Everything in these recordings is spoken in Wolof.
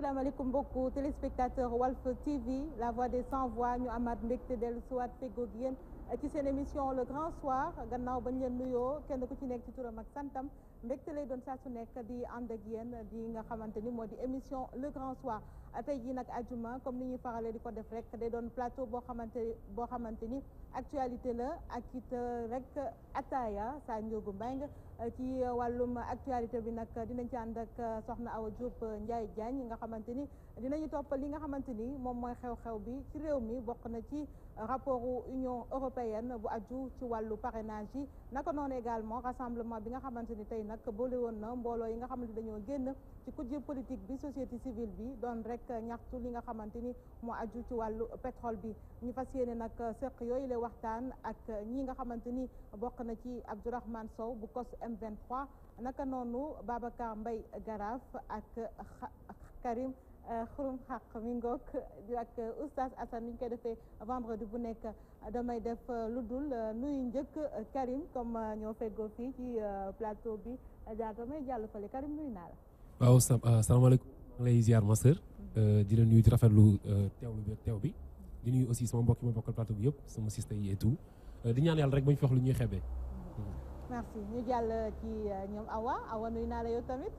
asalaamaaleykum mbokku téléspectateur Walf TV la voix des sans voix ñu amaat mbégte dellu si waat feggoog yéen. ci seen émission le grand soir gannaaw bañ leen nuyoo kenn ku ci nekk ci turam ak santam mbégte lay doon saa su nekk di ànd ak yéen di nga xamante ni moo di émission le grand soir tey jii nag ajuma comme ni ñuy faralee di ko def rek day doon plateau boo xamante boo xamante ni actualité la ak it euh, rek ataaya saa njóogu mbang ci wàllum actualité bi nag dinañ ci ànd ak euh, soxna Awa Diop euh, Ndiaye Diagne nga xamante ni dinañu toppal li nga xamante ni moom mooy xew-xew bi ci réew mi bokk na ci rapportu Union européenne bu aju ci wàllu parrainage yi naka noonu également rassemblement bi nga xamante ni tey nag boole woon na mbooloo yi nga xamante ni dañoo génn ci kujje politique bi société civile bi doon rek ñaxtu li nga xamante ni moo aju ci wàllu pétrole bi ñu fas yéene nag seq yooyu la waxtaan ak ñi nga xamante ni bokk na ci Abdourahmane Sow bu kos M23 naka noonu Babacar Mbaye Garaf ak Karim xurum xaq mi ngoog ak oustaz Assane ni ñu koy defee vendredi bu nekk damay def lu dul nuyu njëkk Karim comme ñoo feggoo fii ci euh, plateau bi jaata may jàll fale Karim nuyu naa la. waaw euh, salaamaaleykum maa ngi lay ziar ma sœur euh, di la nuyu rafetlu teewlu bi teew bi di nuyu aussi sama mbokk ma bokkal plateau bi yëpp sama sista yi et di ñaan yàlla rek bañ fi wax lu ñuy xebee. merci ñu jàll ci ñoom Awa Awa nuyu naa la yow tamit.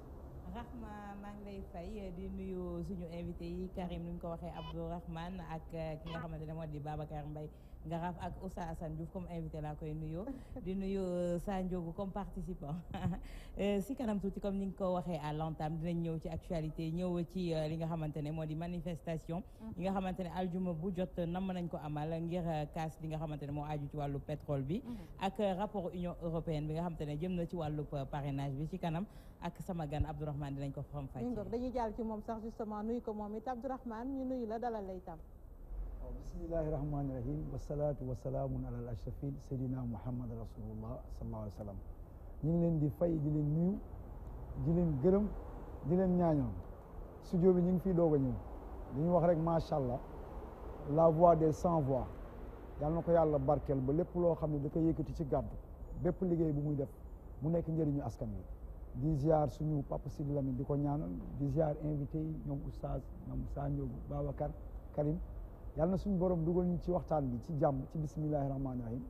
Rahma maa ngi lay fay eh, di nuyu suñu invité yi Karim ni ñu ko waxee Abdourahmane ak eh, ki nga xamante ne moo di Babacar Mbaye Garab ak Oussa Assane Diouf comme invité laa koy nuyoo di euh, comme participant euh, si kanam tuuti comme ni nga ko waxee à l'entame dinañ ñëw ci actualité ci euh, li nga xamante ne moo di manifestation yi mm-hmm. xamante ne aljuma bu jot namm nañ ko amal ngir kaas li nga xamante ne moo aju ci wàllu pétrole bi mm-hmm. ak rapport Union européenne bi nga xamante ne jëm na ci wàllu parrainage bi ci kanam ak sama gan Abdourahmane dinañ ko faram fàcce dañuy ci moom sax justement ko moom it Abdourahmane ñu nuyu la dalal la itam bismillahi rahmaani rahim wasalaatu wasalaamun ala al ashrafil sayyidina muhammad rasulullah sallallahu alayhi wa sallam ñu ngi leen di fay di leen nuyu di leen gërëm di leen ñaañoon studio bi ñu ngi fii doog a ñëw dañu wax rek macha allah la voix des sans voix yàlla ko yàlla barkeel ba lépp loo xam ne da koy ci gàddu bépp liggéey bu muy def mu nekk njëriñu askan wi di ziar suñu papa Sidi Lamine di ko ñaanal di ziar invité yi ñoom oustaz ñoom Sa Ndiogou Karim yàlla na suñu borom dugal ñu ci waxtaan bi ci jàmm ci bisimillahi rahmaani rahim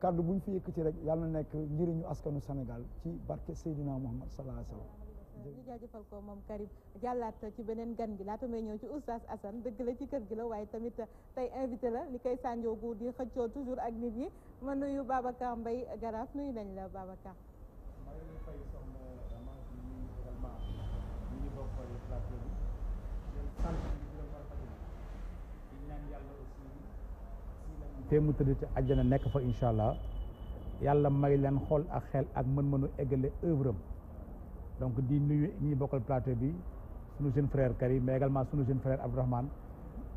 kàddu bu ñu fi yëkkati rek yàlla na nekk njëriñu askanu Sénégal ci barke Seydina Muhammad sallallahu alayhi wa sallam ñu jaajëfal ko moom Karim jàllaat ci beneen gan gi laata may ñëw ci oustaz Assane dëgg la ci kër gi la waaye tamit tey invité la li koy sànjoogu di xëccoo toujours ak nit ñi ma nuyu Babacar Mbaye Garaaf nuyu nañ la Babacar te mu tëdd ci àjjana nekk fa incha allah yàlla may leen xool ak xel ak mën-mënu eggale œuvre donc di nuyu ñi bokkal plateau bi sunu jeune frère Karim mais également sunu jeune frère Abdourahmane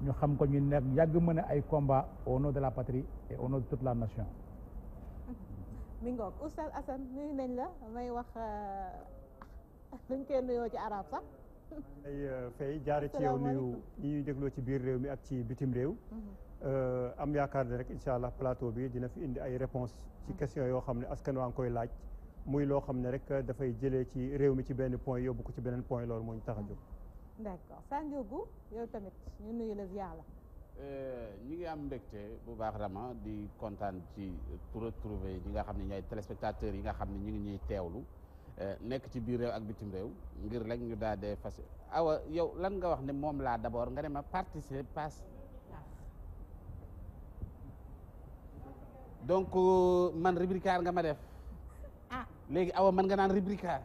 ñu xam ko ñu nekk yàgg mën a ay combat au nom de la patrie et au de toute la nation. mi ngoog Oustaz Assane nuyu nañ la may wax euh, dañ koy nuyoo ci arab sax. lay euh, jaare ci yow nuyu ñi ñuy dégloo ci biir réew mi ak ci bitim réew. Mhm. Euh, am yaakaar ni rek incha allah plateau bi dina fi indi ay réponses ci question yoo xam ne askan waa ngi koy laaj muy loo xam ne rek dafay jëlee ci réew mi ci benn point yóbbu ko ci beneen point loolu moo ñu tax a jóg. d'accord Sandiogou yow tamit ñu nuyu la ziar euh, ngi am mbégte bu baax Rama di kontaan ci retrouver ñi nga xam ne ñooy téléspectateurs yi nga xam ne ñu ngi ñuy teewlu euh, nekk ci biir réew ak bitim réew ngir rek ñu daal dee fas awa yow lan nga wax ne moom laa d'abord nga ne ma participer donc euh, man rubricaire nga ma def. ah léegi awa man nga naan rubricaire.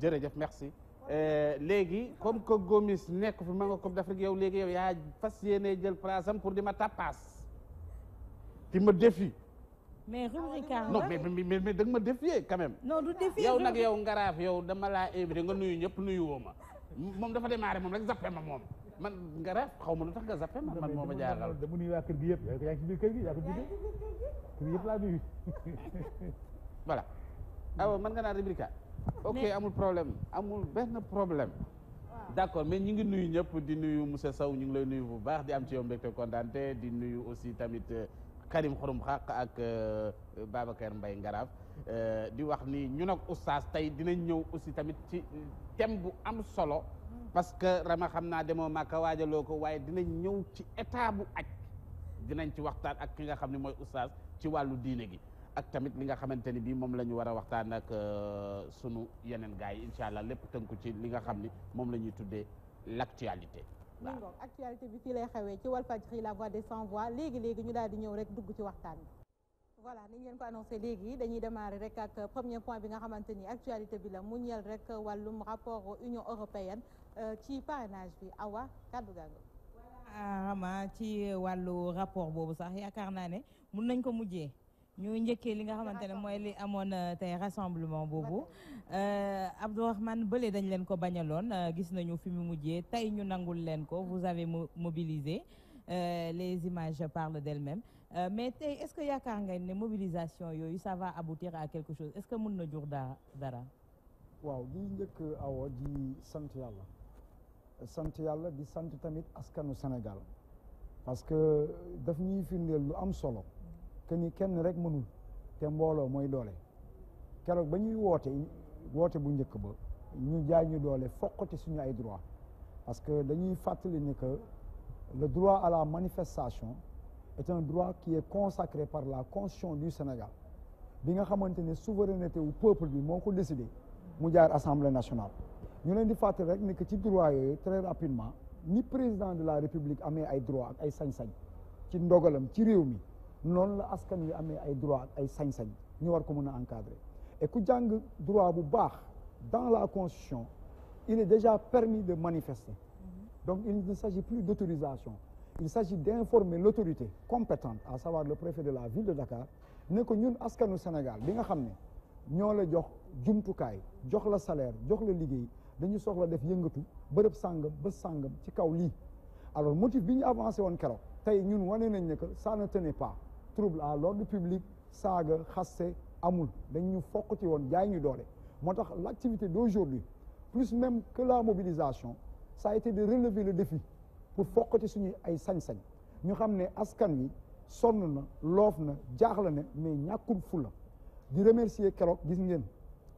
jërëjëf merci. Euh, léegi comme que Gomis nekk fu ma nga Coupe d'Afrique yow léegi yow yaa fas yéene jël place am pour di ma tapaas di ma défi. mais rubricaire non mais mais mais da nga ma défier quand même. non du défier yow nag yow ngaraaf yow dama laa invité nga nuyu ñëpp nuyu woo ma moom dafa démarré moom rek zappé ma moom. man nga xaw ma lu tax nga zappé man man ma jaaxal. dama nuyu waa kër gi yëpp yaa ngi ci biir kër gi yaa ko yëpp laa voilà awa man nga naan rubrique ok amul problème amul benn problème. d' accord mais ñu ngi nuyu ñëpp di nuyu monsieur saw ñu ngi lay nuyu bu baax di am ci yow mbégte kontaante di nuyu aussi tamit euh, Karim Xurum Xaq ak euh, Babacar mbay Ngaraaf euh, di wax ni ñun ak oustaz tey dinañ ñëw aussi tamit ci thème bu am solo. parce que rama xam naa demoo màkka waajaloo ko waaye dinañ ñëw ci état bu ak dinañ ci waxtaan ak ki nga xam ne mooy oustaz ci wàllu diine gi ak tamit li nga xamante ni bii moom la ñu war a waxtaan ak euh, sunu yeneen gars yi incha allah lépp tënku ci li nga xam ni moom la ñuy tuddee l' actualité. waaw actualité bi fii lay xewee ci wàll Walfadjri la voix des sans voix léegi léegi ñu daal di ñëw rek dugg ci waxtaan bi. voilà ni ngeen leen ko léegi dañuy démarrer rek ak euh, premier point bi nga xamante ni actualité bi la mu ñeel rek euh, wàllum rapport Union européenne. Euh, ci parrainage bi awa kàddu gàngo ci wàllu rapport boobu sax yaakaar naa ne mun nañ ko mujjee ñu njëkkee li nga xamante ne mooy li amoon euh, tey rassemblement boobu euh, Abdourahmane Bële dañ leen ko bañaloon gis nañu fi mu mujjee tey ñu nangul leen ko vous avez mobilisé les images parlent d'elles-mêmes mais tey est-ce que yaakaar ngay ne mobilisation yooyu sava va aboutir à quelque chose est-ce que mun na jur dara dara waaw li njëkk awo di sant yàlla sant yàlla di sant tamit askanu Sénégal parce que daf ñuy firndeel lu am solo que ni kenn rek mënul te mbooloo mooy doole keroog ba ñuy woote woote bu njëkk ba ñu jaay ñu doole foqati suñu ay droit parce que dañuy fàttali ni que le droit à la manifestation est un droit qui est consacré par la constitution du Sénégal bi nga xamante ne souveraineté wu peuple bi moo ko décidé mu jaar assemblée nationale ñu leen di fàttali rek nekk ci droit yooyu très rapidement ni président de la république amee ay droit ak ay sañsañ ci ndogalam ci réew mi noonu la askan wi amee ay droit ak ay sañsañ ñu war ko mun a encadrer et ku jàng droit bu baax dans la constitution il est déjà permis de manifester mm-hmm. donc il ne s'agit plus d'autorisation il s'agit d'informer l'autorité compétente à savoir le préfet de la ville de Dakar ne ko ñun askanu Sénégal bi nga xam ne ñoo la jox jumtukaay jox la salaire jox la liggéey dañu soxla def yëngatu bërëb sàngam ba sàngam ci kaw lii alors motif bi ñu avancé woon keroog tey ñun wane nañ ne que ça ne tenait pas trouble à l'ordre publique saaga xaste amul dañu fokkati woon jaay ñu doole moo tax l'activité d'aujourd'hui plus même que la mobilisation ça a été de relever le défi pour fokkati suñu ay sañ-sañ ñu xam ne askan wi sonn na loof na jaaxle na mais ñàkkul fula di remercier keroog gis ngeen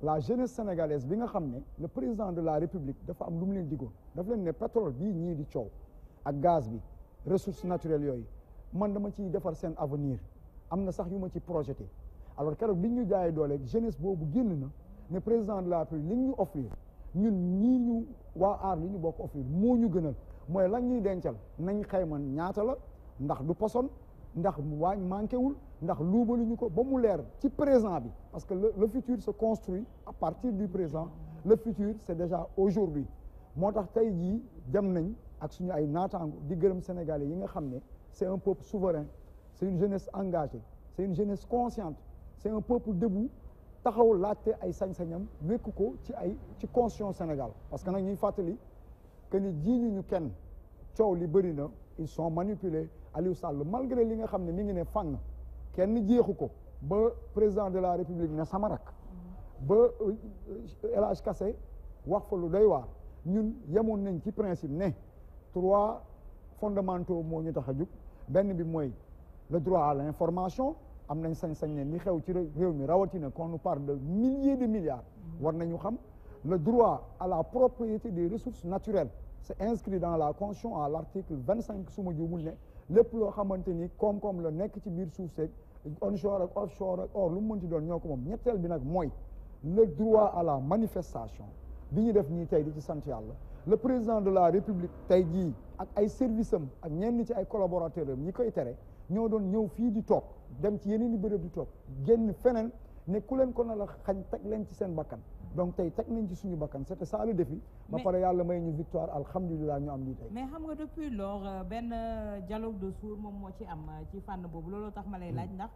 la jeunesse sénégalaise bi nga xam ne le président de la république dafa am lu mu leen digoon daf leen ne pétrole bii ñii di coow ak gaz bi ressources naturelles yooyu man dama ciy defar seen avenir am na sax yu ma ci projet projeté alors keroog bi ñu jaayee doole jeunesse boobu génn na ne président de la république li ñu offrir ñun ñii ñu waa aar li ñu bokk offrir moo ñu gënal mooy lan ñuy dencal nañ xayma ñaata la ndax du poson ndax waañ manqué wul ndax ñu ko ba mu leer ci présent bi parce que le, le futur se construit à partir du présent le futur c'est déjà aujourd'hui moo tax tey jii jam nañ ak suñu ay naataango di gërëm sénégalais yi nga xam ne c'est un peuple souverain c'est une jeunesse engagée c'est une jeunesse consciente c'est un peuple debout taxaw laajte ay sañ-sañam wékk ko ci ay ci constitution Sénégal parce que nag ñuy fàttali que ni jiiñu ñu kenn coow li bëri na ils sont manipulés Aliou Sall malgré li nga xam ne mi ngi ne fang kenn jeexu ko ba président de la république ne sama rak ba euh, El Hadj wax fa lu doy waar ñun yemoon nañ ci principe ne trois fondamentaux moo ñu tax a jug benn bi mooy la droit à l'information am nañ sañ-sañ ne li xew ci réew mi rawatina qu'on nous parle de milliers de milliards war nañu xam le droit à la propriété des ressources naturelles c'est inscrit dans la constitution à l'article vingt cinq su ma juumul ne lépp loo xamante ni koom-koom la nekk ci biir suuf seeg onshore ak or ak or lu mu mënti doon ñëw ko moom ñetteel bi nag mooy le droit à la manifestation bi ñu def ñii tey di ci sant yàlla le président de la république tey jii ak ay service am ak ñenn ci ay collaborateur am ñi koy tere ñoo doon ñëw fii di toog dem ci yeneen i bërëb di toog génn feneen ne ku leen ko na la xañ teg leen ci seen bakkan donc tey teg nañ ci suñu bakkan c'était ça le défi ba pare yàlla may ñu victoire alhamdulilah ñu am lii tey mais xam nga depuis lors euh, benn euh, dialogue de sourds moom moo ci am euh, ci fànn boobu looloo tax ma lay hmm. laaj ndax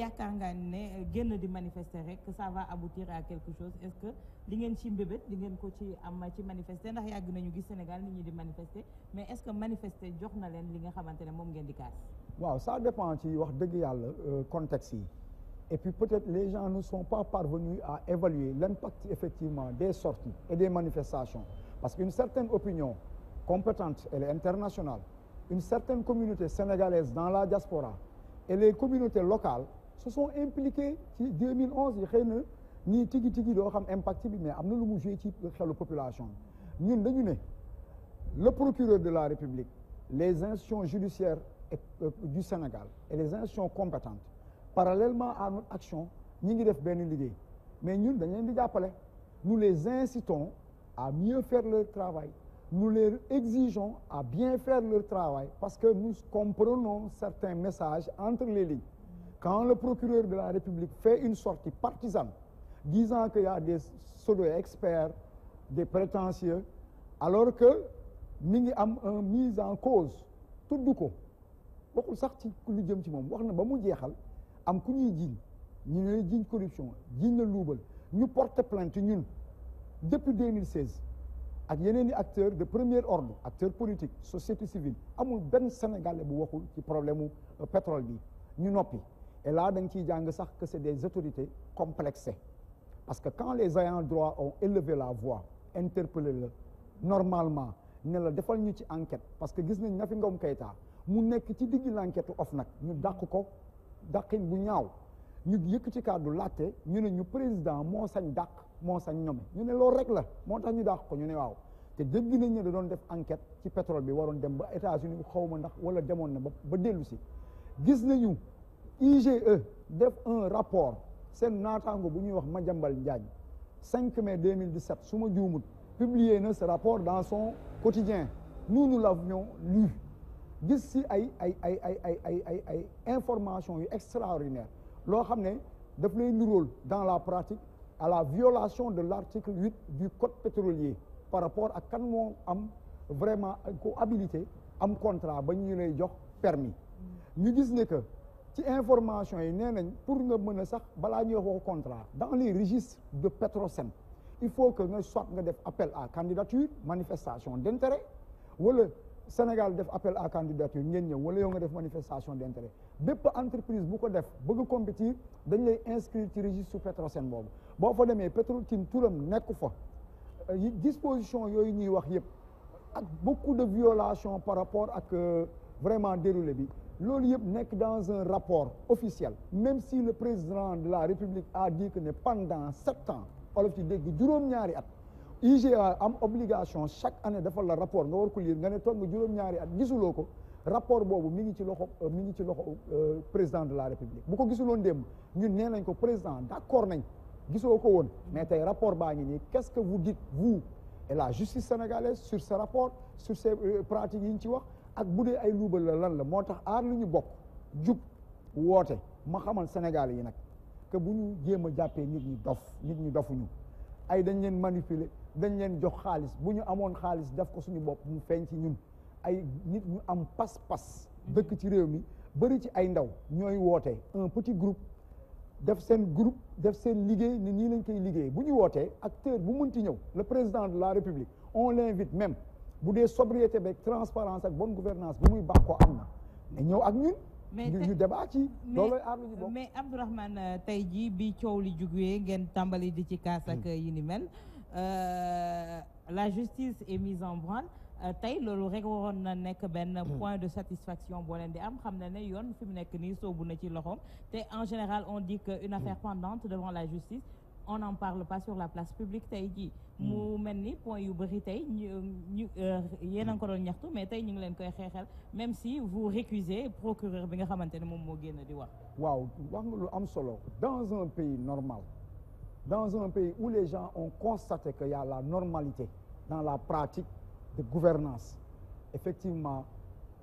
yaakaar ngaa ne génn di manifester rek ça va aboutir à quelque chose est-ce que li ngeen ci mbébét di ngeen ko ci am ci manifester ndax yàgg nañu gis Sénégal nit ñi di manifester mais est-ce que manifester jox na leen li nga xamante ne moom ngeen di kaas waaw ça wax dëgg yàlla contexte yi Et puis peut-être les gens ne sont pas parvenus à évaluer l'impact effectivement des sorties et des manifestations. Parce qu'une certaine opinion compétente, elle est internationale, une certaine communauté sénégalaise dans la diaspora et les communautés locales se sont impliquées ci 2011 yi xëy na nii tigi tigi doo xam impact bi mais am na lu mu joué ci xelu population bi ñun dañu ne le procureur de la République les institutions judiciaires euh, du Sénégal et les institutions compétentes parallèlement à notre action ñi ngi def benn liggéey mais ñun dañ leen di jàppale nous les incitons à mieux faire leur travail nous les exigeons à bien faire leur travail parce que nous comprenons certains messages entre les lignes quand le procureur de la République fait une sortie partisane disant qu'il y a des pseudo-experts des prétentieux alors que mi ngi am un mise en cause tudd ko waxul sax ci lu jëm ci moom wax na ba mu jeexal am ku ñuy jiiñ ñu ne jiiñ corruption jiiñ na luubal ñu porte plainte ñun depuis 2016 ak yeneen i acteur de première ordre acteurs politiques société civile amul benn sénégalais bu waxul ci problème mu euh, pétrole bi ñu noppi et là da nga ciy jàng sax que des autorités complexées parce que quand les ayants droit ont élevé la voix interpellé la normalement ne defal ñu ci enquête parce que gis nañ Nafi Ngom Keïta mu nekk ci digg l'enquête nag ñu dàq ko dàqin bu ñaaw ñu yëkkati kàddu laajte ñu ne ñu président moo sañ dàq moo sañ ñome ñu ne loolu rek la moo tax ñu dàq ko ñu ne waaw te dégg nañ ne da doon def enquête ci pétrole bi waroon dem ba États-Unis xaw ma ndax wala demoon na ba ba dellu si gis nañu IGE def un rapport seen naataango bu ñuy wax ma Madiambal Diagne 5 mai 2017 su ma juumut publié na ce rapport dans son quotidien nous nous l'avions lu gis si ay ay ay ay ay ay ay ay information yu extraordinaire loo xam ne def lay nirool dans la pratique à la violation de l'article 8 du code pétrolier par rapport ak kan moo am vraiment ko habilité am contrat ba ñu lay jox permis ñu gis ne que ci information yi nee nañ pour nga mën a sax balaa ñuy wax contrat dans les registres de Petrosen il faut que nga soit nga def appel à candidature manifestation d'intérêt wala Sénégal def appel à candidature ngeen ñëw wala yow nga def manifestation d' intérêt bépp entreprise bu ko def bëgg compétir dañ lay inscrire ci registre Petrosen boobu boo fa demee Petrotim turam nekk fa euh, disposition yooyu ñuy wax yëpp ak beaucoup de violations par rapport ak euh, vraiment déroulé bi loolu yëpp nekk dans un rapport officiel même si le président de la République a dit que ne pendant sept ans olof ci dégg juróom-ñaari at IGA am obligation chaque année defal la rapport nga war ko lii nga ne toog nga juróom-ñaari at gisuloo ko rapport boobu mu ngi ci loxo mi ngi ci loxo euh, euh, président de la république bu ko gisuloon démb ñun nee nañ ko président d'accord nañ gisoo ko woon mais tey rapport baa ngi nii qu'est-ce que vous dites vous et la justice sénégalaise sur ce rapport sur ces euh, pratiques yi ñu ci wax ak bu dee ay luubal la lan la moo tax aar lu ñu bokk jub woote ma xamal Sénégal yi nag que bu ñu jéem a jàppee nit ñi dof nit ñi dofuñu ay dañ leen dañ leen jox xaalis bu ñu amoon xaalis def ko suñu bopp mu feeñ ci ñun ay nit ñu am pas-pas dëkk ci réew mi bëri ci ay ndaw ñooy woote un petit groupe def seen groupe def seen liggéey ni nii lañ koy liggéey bu ñu wootee acteur bu mënti ñëw le président de la république on l'invite même bu dee sobriété beeg transparence ak bonne gouvernance bu muy baax ko am na mais ñëw ak ñun mais ñu débat ci loolu aar lu ñu bokk mais Abdourahmane tey jii bi coow li jugee ngeen tàmbali di ci kaas ak hmm. yi ni mel Euh, la justice est mise en branle euh, tey loolu rek waroon na nekk benn hmm. point de satisfaction boo leen di am xam na ne yoon fi mu nekk nii soobu na ci loxoom te en général on dit que une affaire hmm. pendante devant la justice on n'en parle pas sur la place publique tey jii hmm. mu mel ni point yu bëri tey ñu ñu euh, yéen a ngi ñaxtu mais tey ñu ngi leen koy xeexal même si vous récusez procureur bi nga xamante ne moom moo génn di wax waaw wax nga am solo dans un pays normal dans un pays où les gens ont constaté qu'il y a la normalité dans la pratique de gouvernance effectivement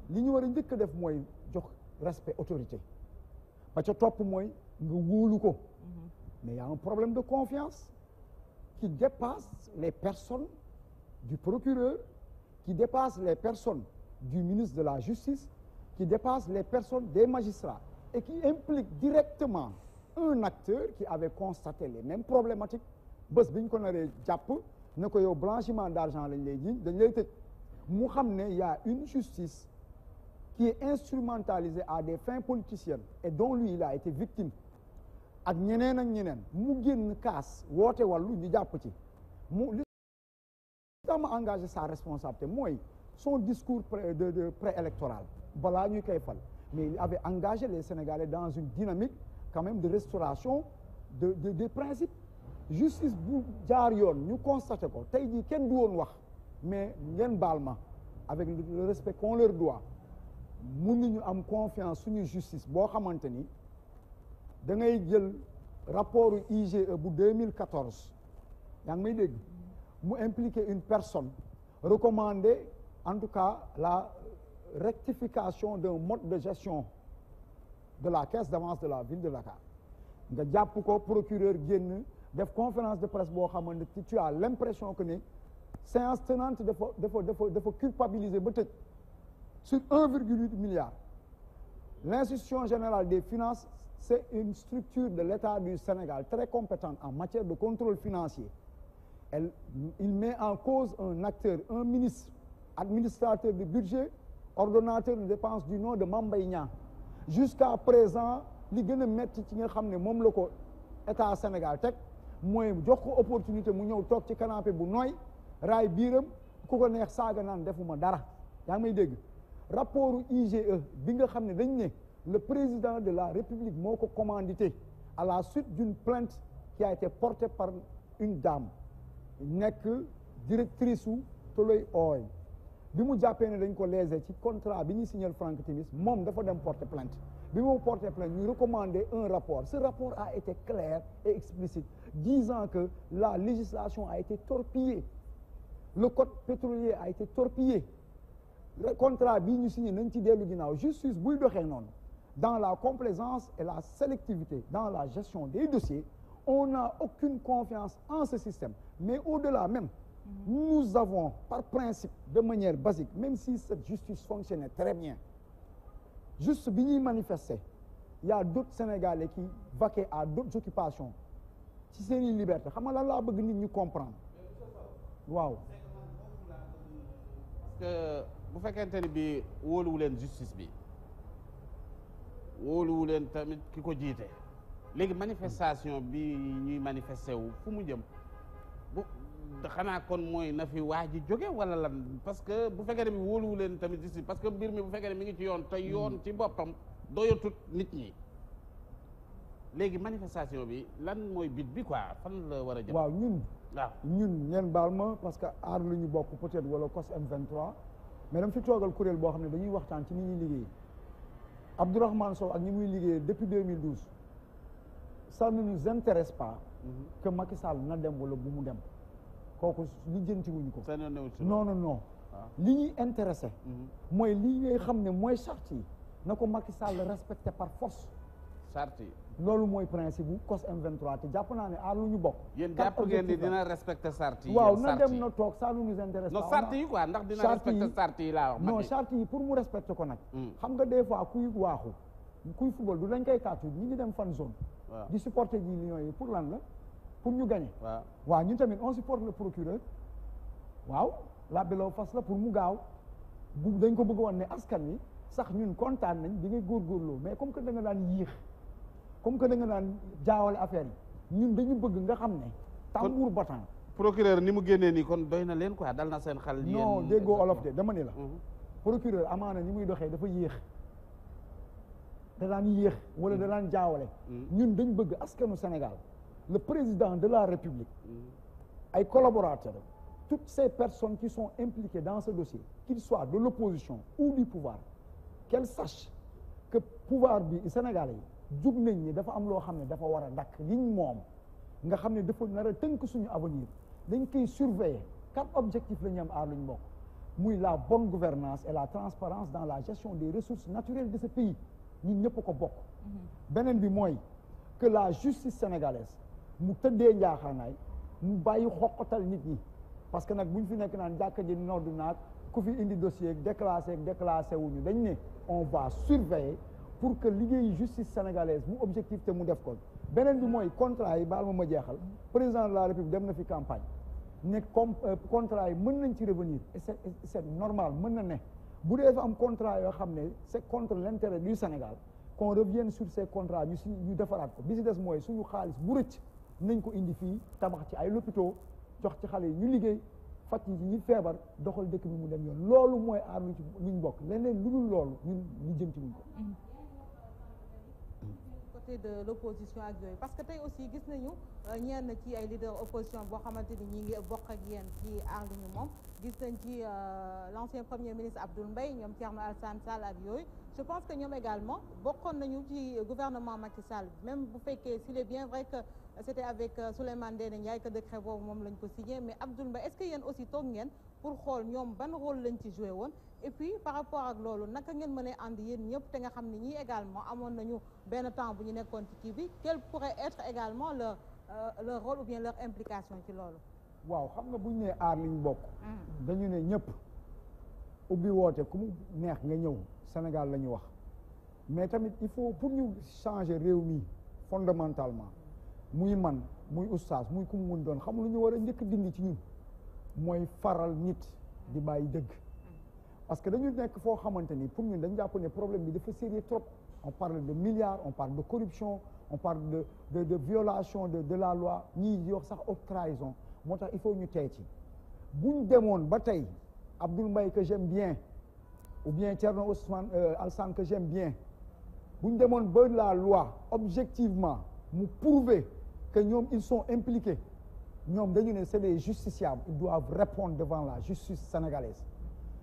li ñu war a njëkk def mooy jox respect autorité ba ca topp mooy nga wóolu ko mm-hmm. mais y a un problème de confiance qui dépasse les personnes du procureur qui dépasse les personnes du ministre de la justice qui dépasse les personnes des magistrats et qui implique directement un acteur qui avait constaté les mêmes problématiques bés bi ñu ko naree jàpp ne ko yow blanchiment d'argent lañ lay jiiñ dañ mu xam ne y une justice qui est instrumentalisée à des fins politiciennes et dont lui il a été victime ak ñeneen ak ñeneen mu génn kaas woote wàllu ñu jàpp ci mu li dama engagé sa responsabilité mooy son discours pré de préélectoral balaa ñuy koy fal mais il avait engagé les Sénégalais dans une dynamique quand même de restauration de de des principes justice bu jaar yoon ñu constaté ko tey jii kenn du woon wax mais ngeen baal ma avec le respect qu'on leur doit mun ñu am confiance suñu justice boo xamante ni da ngay jël rapport IGE bu 2014 yaa ngi may dégg mu impliquer une personne recommander en tout cas la rectification d'un mode de gestion de la caisse d'avance de la ville de Dakar nga jàpp ko procureur génn def conférence de presse boo xamante ni tu as l'impression que ne séance tenante dafa dafa dafa dafa culpabiliser ba tëj sur un virgule huit milliard l'institution générale des finances c'est une structure de l'État du Sénégal très compétente en matière de contrôle financier elle il met en cause un acteur un ministre administrateur du budget ordonnateur de dépenses du nom de Mame Mbaye jusqu'à présent li gën a metti ci nga xam ne moom la ko état Sénégal teg mooy jox ko opportunité mu ñëw toog ci canapé bu nooy raay biiram ku ko neex saaga naan defuma dara yaa may dégg rapportu IGE bi nga xam ne dañ ne le président de la République moo ko commandité à la suite d'une plainte qui a été portée par une dame nekk directrice su Toloi Oy bi mu jàppee ne dañ ko léser ci contrat bi ñuy signer Frank Timis moom dafa dem porter plainte bi mu porter plainte ñu recommander un rapport ce rapport a été clair et explicite disant que la législation a été torpillée le code pétrolier a été torpillé le contrat bii ñu signé nañ ci dellu ginnaaw justice buy doxee noonu dans la complaisance et la sélectivité dans la gestion des dossiers on n'a aucune confiance en ce système mais au-delà même nous avons, par principe, de manière basique, même si cette justice fonctionnait très bien, juste bi ñuy manifester il y a d'autres Sénégalais qui vaquaient à d'autres occupations ci seeni liberté xam nga lan laa bëgg nit ñi comprendre waaw. parce que bu fekkente ni bi wóoluwu leen justice bi wóoluwu leen tamit ki ko jiite léegi manifestation bi ñuy manifester wu fu mu jëm bu. te xanaa kon mooy na fi waa ji jóge wala lan parce que bu fekkee ne mi wóoluwu leen tamit si parce que mbir mi bu fekkee ne mi ngi ci yoon te hmm. yoon ci boppam doyatut nit ñi léegi manifestation bi lan mooy bit bi quoi fan la war a jëm waaw ñun ñun ñeen baal ma parce que aar lu ñu bokk peut-être wala COS M23 mais dama fi toogal kuréel boo xam ne dañuy waxtaan ci ni ñuy liggéey Abdourahmane Sow ak ñi muy liggéey depuis 2012 ça ne nous intéresse pas mm-hmm. que Macky Sall na dem wala bu mu dem kooku lijjanti wuñ ko non non non ah. li ñuy intéressé mhm. mooy li ngay xam ne mooy charte yi na ko Macky Sall respecté par force charte yi loolu mooy principe bu COS M23 te jàpp naa ne aar lu ñu bokk. yéen jàpp ngeen ni dina respecté charte yi waaw na dem na toog ça nous intéresse non charte yi quoi ndax dina respecté charte yi laa wax non charte yi pour mu respecté ko nag mm. xam nga des fois kuy waaxu kuy football du lañ koy kàttu ñi ngi dem fan zone di supporter ji Lions yi pour lan la pour ñu gagner waaw ñu tamit on supporte le procureur waaw labbi law fas la pour mu gaaw bu dañ ko bëgg woon ne askan wi sax ñun kontaan nañ di ngay góorgóorloo mais comme que da nga daan yéex comme que da nga daan jaawale affaire yi ñun dañu bëgg nga xam ne tambour battant procureur ni mu génnee nii kon doy na leen quoi dal na seen xel non déggoo olof de dama ne la mhm. procureur amaana ni muy doxee dafa yéex da daan yéex wala da mhm. daan jaawale mhm. ñun dañ bëgg askanu Sénégal le président de la République mm. ay collaborateurs toutes ces personnes qui sont impliquées dans ce dossier qu'ils soient de l'opposition ou du pouvoir qu'elles sache que pouvoir bi Sénégalais yi jug nañ ni dafa am loo xam ne dafa war a dakk liñ moom nga xam ne dafa nar a tënk suñu avenir dañ koy surveiller quatre objectifs la ñu am aar luñ bokk muy la bonne gouvernance et la transparence dans la gestion des ressources naturelles de ce pays ñun ñëpp ko bokk mm-hmm. beneen bi mooy que la justice sénégalaise mu tëddee njaaxaanaay mu bàyyi xoqatal nit ñi parce que nag bu ñu fi nekk naan jàkka ji noddu naag ku fi indi dossier déclassé déclassé wuñu dañ ne on va surveiller pour que liggéey justice sénégalaise mu objectif te mu def ko beneen bi mooy contrat yi baal moom a jeexal président de la république dem na fi campagne ne comme euh, contrat yi mën nañ ci revenir et c'est normal mën na ne bu dee fa am contrat yoo xam ne c'est contre l'intérêt du Sénégal qu'on revienne sur ces contrats ñu si ñu ko bi si des mooy suñu xaalis bu rëcc nañ ko indi fii tabax ci ay lopito jox ci xale yi ñu liggéey faj yi ñi feebar doxal dëkk bi mu dem yoon loolu mooy aar lu ñu luñ bokk leneen lu dul loolu ñun ñu jëm ci ko mm-hmm. Mm-hmm. côté de l'opposition ak yooyu parce que tey aussi gis nañu euh, ñenn ci ay leader opposition boo xamante ni ñi ngi bokk ak yéen ci aar lu ñu moom gis nañ ci euh, l'ancien premier ministre Abdoul Mbaye ñoom Thierno Alassane Sall ak yooyu je pense que ñoom également bokkoon nañu ci gouvernement Macky Sall même bu fekkee s'il est bien vrai c'était avec euh, Souleymane Ndéné Ndiaye que décret boobu moom lañ ko signé mais Abdoul Mbaye est-ce que yéen aussi toog ngeen pour xool ñoom ban rôle lañ ci joué woon et puis par rapport ak loolu naka ngeen mëne a ànd yéen ñëpp te nga xam ne ñii également amoon nañu benn temps bu ñu nekkoon ci kii bi quel pourrait être également leur euh, leur rôle ou bien leur implication ci loolu waaw xam nga bu ñu nee aar liñ bokk hmm. dañu ne ñëpp ubbi woote ku mu neex nga ñëw Sénégal la ñu wax mais tamit il faut pour ñu changer réew mi fondamentalement muy man muy ustaas muy kum mun doon xam lu ñu war a njëkk dindi ci ñu mooy faral nit di bàyyi dëgg parce que dañu nekk foo xamante ni pour ñun dañ jàpp ne problème bi dafa sérieux trop on parle de milliards on parle de de de, de violation de de la loi ñii di wax sax haute trahison moo tax il faut ñu tey ci buñ demoon ba tey Abdoul Mbaye que j'aime bien ou bien Thierno Ousmane euh, Alsane que j'aime bien buñ demoon ba la loi objectivement mu prouver que ñoom ils sont impliqués ñoom dañu ne c'est des justiciables ils doivent répondre devant la justice sénégalaise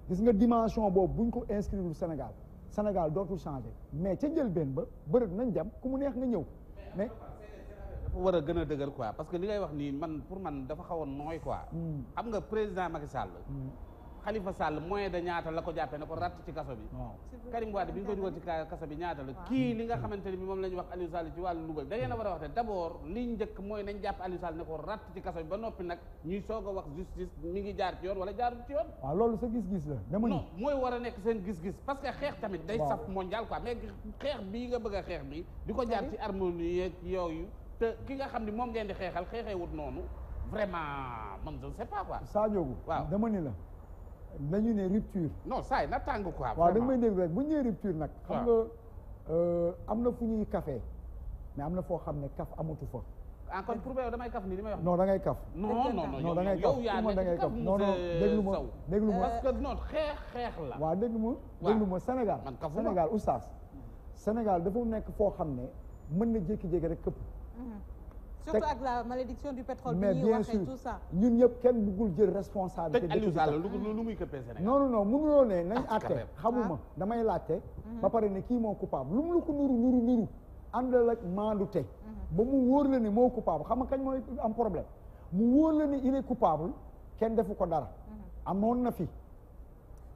gis nga dimension boobu bu ñu ko inscrire Sénégal Sénégal dootul changer mais ca jël benn ba bërëb nañ dem ku mu neex nga ñëw mais dafa war a gën a dëgër quoi parce que li ngay wax nii man pour man dafa xawoon nooy quoi hmm. am nga président Macky Khalifa Sall moyen de ñaata la ko jàppee na ko ratt ci kaso bi Karim Wade bi ñu ko dugal ci kaso bi ñaata kii li nga xamante ne bi moom la ñu wax Aliou ci wàllu Louga da ngeen a war a wax te d'abord li njëkk mooy nañ jàpp Aliou ne ko ratt ci kaso bi ba noppi nag ñuy soog a wax justice mi ngi jaar ci yoon wala jaarul ci yoon waaw loolu sa gis-gis la dama non mooy war a nekk seen gis-gis parce que xeex tamit day saf mondial quoi mais xeex nga bëgg a xeex bi di ko jaar ci harmonie yooyu te ki nga xam ne moom ngeen di xeexal xeexee wut noonu vraiment man je ne sais pas quoi Sadio waaw dama ni la nañu ne rupture. no saa yi na tàng ko waa damay da rek bu ñu nee rupture nag. xam nga euh, am na fu ñuy kafe mais am na foo xam ne kaf amatu fa. ah kon pour kaf nii li may wax. non da ngay kaf. non da ngay kaf yow da ngay kaf non non déglu ma parce que non xeex xeex la. waa déglu ma déglu ma Sénégal. man kafuma Sénégal oustaz. Sénégal dafa nekk foo xam ne mën na jékki-jékki rek këpp. Mhm. surtout avec la malédiction du pétrole. mais bien sûr tout ça. ñëpp kenn bëggul jël responsabilité. tëj Aliou Sall lu lu muy këppee Sénégal. non non non mënuloo ne nañ ah, àtte xamuma ah. damay laajte. Mhm. ba pare ne kii moo coupable lu mu la ko nuru nuru nuru àndal ak maandu te. Mhm. ba mu wóor la ne moo coupable xam nga kañ moo am problème mu wóor la ne il est coupable kenn defu ko dara. Mhm. amoon na fi.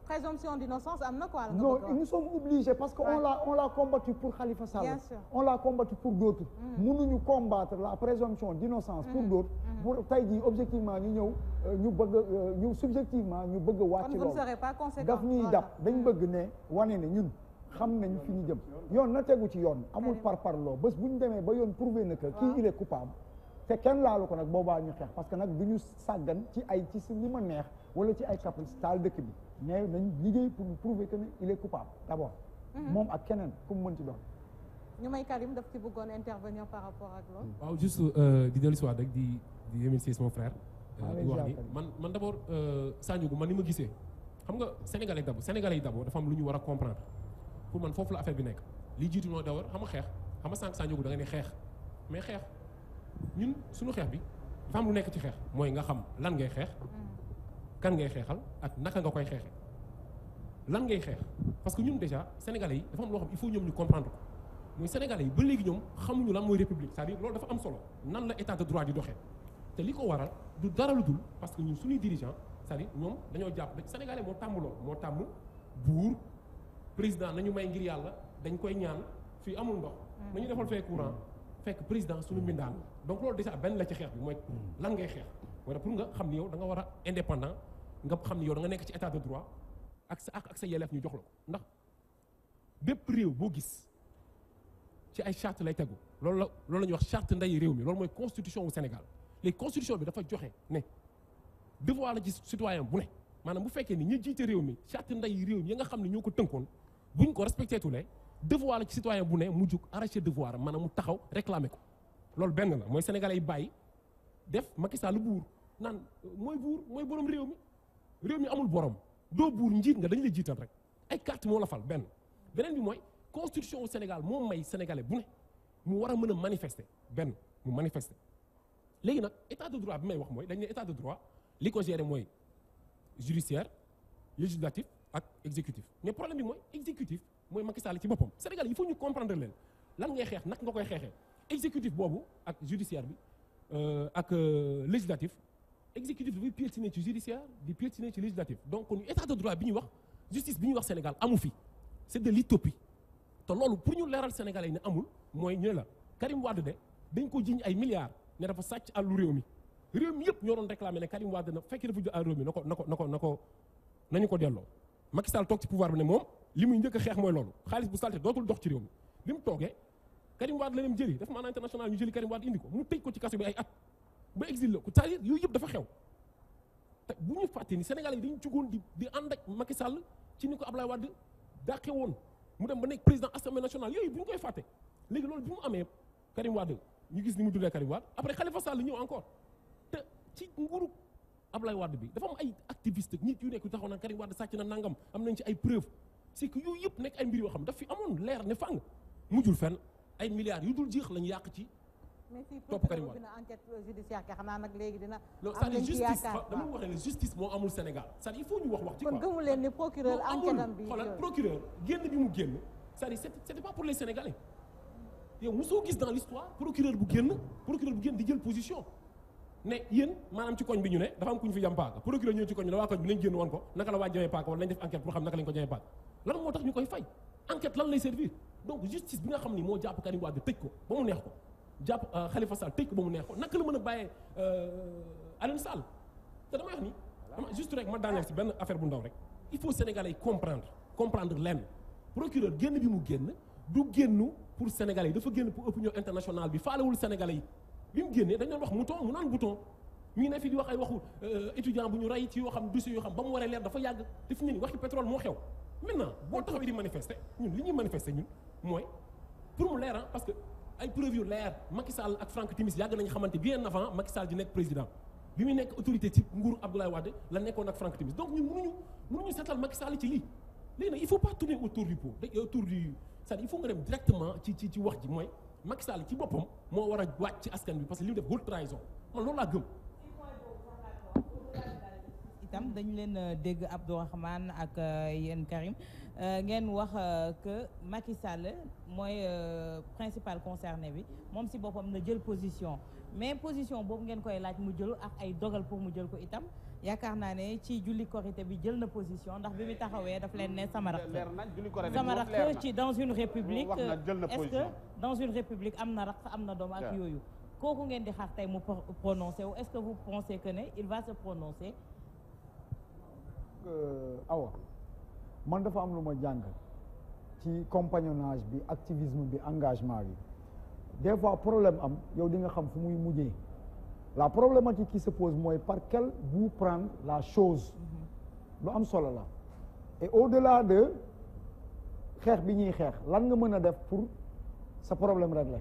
présomption d'innocence am na quoi. non nous sommes obligés parce que ouais. on l'a on l'a combattu pour Khalifa Sall. on l'a combattu pour d'autres. Mm. mënuñu mm. combattre la présomption d'innocence pour mm. d'autres. Mm. pour tey jii objectivement ñu ñëw euh, ñu bëgg euh, ñu subjectivement ñu bëgg a wàcc loolu. kon vous ne serez pas daf ñuy dab dañ bëgg ne wane ne ñun. xam nañ fi ñu jëm yoon na tegu ci yoon amul par parloo bés bu ñu demee ba yoon prouvé na que kii il est coupable te kenn laalu ko nag boobaa ñu xeex parce que nag du ñu sàggan ci ay ci si ma neex wala ci ay caprice taal dëkk bi mais nañ liggéey pour prouver que ne il est coupable d' mhm. moom ak keneen ku mu mën ci doon. ñu may Karim daf ci bëggoon intervenir par rapport ak loolu. waaw juste euh, di dellu si waat rek di di remercier mon frère. Euh, di wax ni man man d' abord euh, man ni ma gisee. xam nga sénégalais d' abord sénégalais yi d' abord dafa am lu ñu war a comprendre pour man foofu la affaire bi nekk li jiitu noo d' abord xam nga xeex xam nga sànq Saniogo da nga ne xeex mais xeex ñun suñu xeex bi dafa am lu ci xeex mooy nga xam lan ngay xeex. Mhm. kan ngay xeexal ak naka nga koy xeexee lan ngay xeex parce que ñun déjà sénégalais yi dafa am loo xam il faut ñoom ñu comprendre ko mooy sénégalais yi ba léegi ñoom xamuñu lan mooy république c'est-à-dire loolu dafa am solo nan la état de droit di doxee te li ko waral du dara lu dul parce que ñun suñuy dirigeant cest à ñoom dañoo jàpp dañ sénégalais moo tàmm lool moo tàmm buur président nañu may ngir yàlla dañ koy ñaan fii amul ndox mm. nañu defal fee courant fekk président suñu mm. mbindaan donc loolu benn la ci xeex bi mooy lan ngay xeex wala pour nga xam yow da nga war a indépendant nga xam ne yow da nga nekk ci état de droit ak sa ak sa yelleef ñu jox la ko ndax bépp réew boo gis ci ay charte lay tegu loolu la loolu la ñuy wax charte ndey réew mi loolu mooy constitution wu Sénégal léegi constitution bi dafa joxe ne devoir la ci citoyen bu ne maanaam bu fekkee ni ñu jiite réew mi charte nday réew mi yi nga xam ne ñoo ko tënkoon buñ ko respecté tulee devoir la ci citoyen bu ne mu jug arraché devoir maanaam mu taxaw réclamé ko loolu benn la mooy sénégalais yi bàyyi def Macky Sall buur naan mooy buur mooy borom réew mi réew mi amul borom doo buur njiit nga dañu la jiital rek ay carte moo la fal benn beneen bi mooy constitution au Sénégal moo may sénégalais bu ne mu war a mën a manifester benn mu manifester léegi nag état de droit bi may wax mooy dañ ne état de droit li ko géré mooy judiciaire législatif ak exécutif mais problème bi mooy exécutif mooy Macky Sall ci boppam Sénégal il faut ñu comprendre leen lan ngay xeex nag nga koy xeexee exécutif boobu ak judiciaire bi euh, ak euh, législatif exécutif dafay piétiner ci judiciaire di piétiner ci législatif donc kon état de droit bi ñuy wax justice bi ñuy wax Sénégal amu fi c'est de l'utopie te loolu pour ñu leeral Sénégalais yi ne amul mooy ñu la Karim Wade de dañ ko jiñ ay milliards ne dafa sàcc àllu réew mi réew mi yëpp ñoo doon réclamer ne Karim Wade na fekk dafa jël àllu réew mi na ko na ko na ko na ko nañu ko delloo Macky toog ci pouvoir bi ne moom li muy njëkk xeex mooy loolu xaalis bu salte dootul dox ci réew mi bi ko mu tëj ko at ba exil la cest à yooyu yëpp dafa xew te bu ñu fàttee ni Sénégalais yi dañu jugoon di di ànd ak Macky Sall ci ni ko Ablaye Wade dàqe woon mu dem ba nekk président assemblée nationale yooyu bu ñu koy fàtte léegi loolu bi mu amee Karim Wade ñu gis ni mu dundee Karim Wade après Khalifa Sall ñëw encore te ci nguuru Ablaye Wade bi dafa am ay activiste nit yu nekk yu taxaw naan Karim Wade sàcc na nangam am nañ ci ay preuve c'est que yooyu yëpp nekk ay mbir yoo xam daf fi amoon leer ne fang mujjul fenn ay milliards yu dul jeex lañ yàq ci topp Karim Wade loolu c'est-à-dire justice dama waxee ne justice moo amul Sénégal cest à il faut ñu wax wax ci kon gëmu ni procureur enquête am bi xoolal mu génn gis dans l'histoire procureur bu génn procureur bu génn di jël position ne yéen maanaam ci koñ bi ñu ne dafa am ku ñu fi jam paaka procureur ñëw ci koñ bi ne koñ bi nañ génn woon ko naka la waa jamee paaka wala nañ def enquête pour naka lañ ko jamee paaka lan moo tax ñu koy nga xam ni moo jàpp Karim Wade tëj jàpp xalifa euh, Sall tëj ko ba mu neexoon naka la mën a bàyyee euh, Aliou Sall te damay wax ni. dama juste rek ma daaneel si benn affaire bu ndaw rek. il faut Sénégalais yi comprendre comprendre lenn procureur génn bi mu génn du génn pour Sénégalais yi dafa génn pour opinion internationale bi faalewul Sénégalais yi bi mu génnee dañ doon wax mouton mu naan bouton ñu ne fii di wax ay waxu euh, étudiant bu ñu rey ci yoo xam dossier yoo xam ba mu waree leer dafa yàgg te fi ñu ne waxi pétrole moo xew maintenant boo taxawee di manifester ñun li ñuy mooy pour leer parce que. ay preuve yu leer Macky Sall ak Franck Timis yàgg nañu xamante bien avant Macky Sall di nekk président bi muy nekk autorité ci nguuru Abdoulaye Wade la nekkoon ak Franck Timis donc ñun mënuñu mënuñu seetal Macky Sall ci lii léegi nag il faut pas tourner autour du pot euh, autour du cest à il faut nga dem directement ci ci ci wax ji mooy Macky Sall ci boppam moo war a wàcc ci askan bi parce que li mu def haute trahison man loolu laa gëm. itam dañu leen euh, dégg Abdourahmane ak euh, yéen Karim. Euh, ngeen wax euh, que Macky Sall mooy euh, principal concerné bi moom si boppam na jël position mais position boobu ngeen koy laaj mu jël ak ay dogal pour mu jël ko itam yaakaar naa ne ci julli korité bi jël na position ndax bi mu taxawee daf leen ne sama rax sama rax ci dans une république est-ce que dans une république am na rax am na doom ak yooyu kooku ngeen di xaar tey mu prononcer wu est-ce que vous pensez que ne il va se prononcer awa man dafa am lu ma jàng ci compagnonnage bi activisme bi engagement bi des fois problème am yow di nga xam fu muy mujjee la problématique ki sa pose mooy par quel bu prendre la chose lu am solo la et au-delà de xeex bi ñuy xeex lan nga mën a def pour sa problème réglé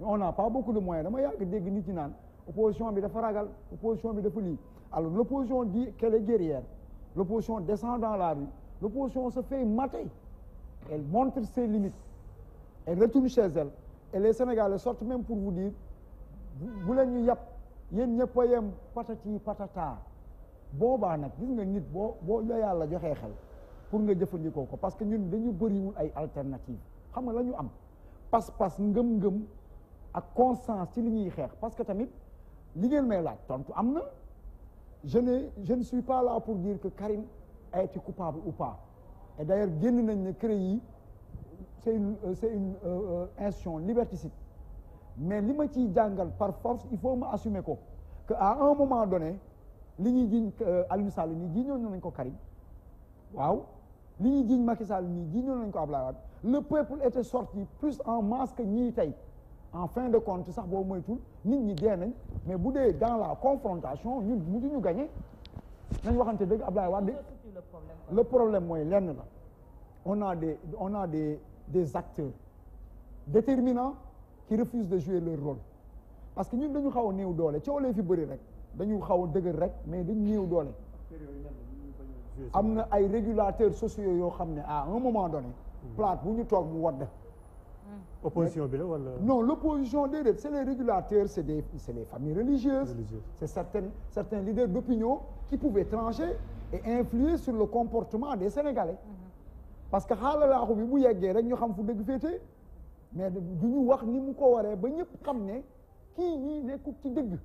on n'a pas beaucoup de moyens dama yàgg dégg nit ñi naan opposition bi dafa ragal opposition bi dafa lii alors l'opposition dit qu'elle est guerrière l'opposition descend dans la rue l'opposition se fait mater elle montre ses limites elle retourne chez elle et les Sénégalais sortent même pour vous dire bu leen ñu yàpp yéen ñëpp a yem patati patata boobaa nag gis nga nit boo boo la yàlla joxe xel pour nga jëfandikoo ko parce que ñun dañu bëriwul ay alternative xam nga la ñu am pas-pas ngëm-ngëm ak conscience ci li ñuy xeex parce que tamit li ngeen may laaj tontu am na je ne je ne suis pas là pour dire que Karim a été coupable ou pas et d'ailleurs génn nañ ne CREI yi c'est une euh, c'est une euh, euh, institution liberticide mais li ma ciy jàngal par force il faut ma assumer ko que à un moment donné li ñuy jiñ Aliou Sall nii jiñoon nañ ko Karim waaw li ñuy jiñ Macky Sall nii jiñoon nañ ko Abdoulaye Wade le peuple était sorti plus en masse que ñii tey en fin de compte sax boo moytul nit ñi dee nañ mais bu dee dans la confrontation ñun mujjuñu gagné nañ waxante dëgg Ablaye Wade le problème mooy lenn la on a des on a des des acteurs déterminants qui refusent de jouer leur rôle parce que ñun dañu xaw a néew doole ci coolee fi bëri rek dañu xaw a dëgër rek mais dañu néew doole am na ay régulateurs sociaux yoo xam ne à un moment donné mm. plate bu ñu toog mu wadd opposition bi la wala. non l' opposition déedéet c' est les régulateurs c' est des c' est les familles religieuses. religieuses c' est certaines certains leaders d' qui pouvaient trancher et influer sur le comportement des sénégalais. Mm-hmm. parce que xaalalaaxu bi bu yeggee rek ñu xam fu dëgg féete mais du ñu wax ni mu ko waree ba ñëpp xam ne kii ñii nekkul ci dëgg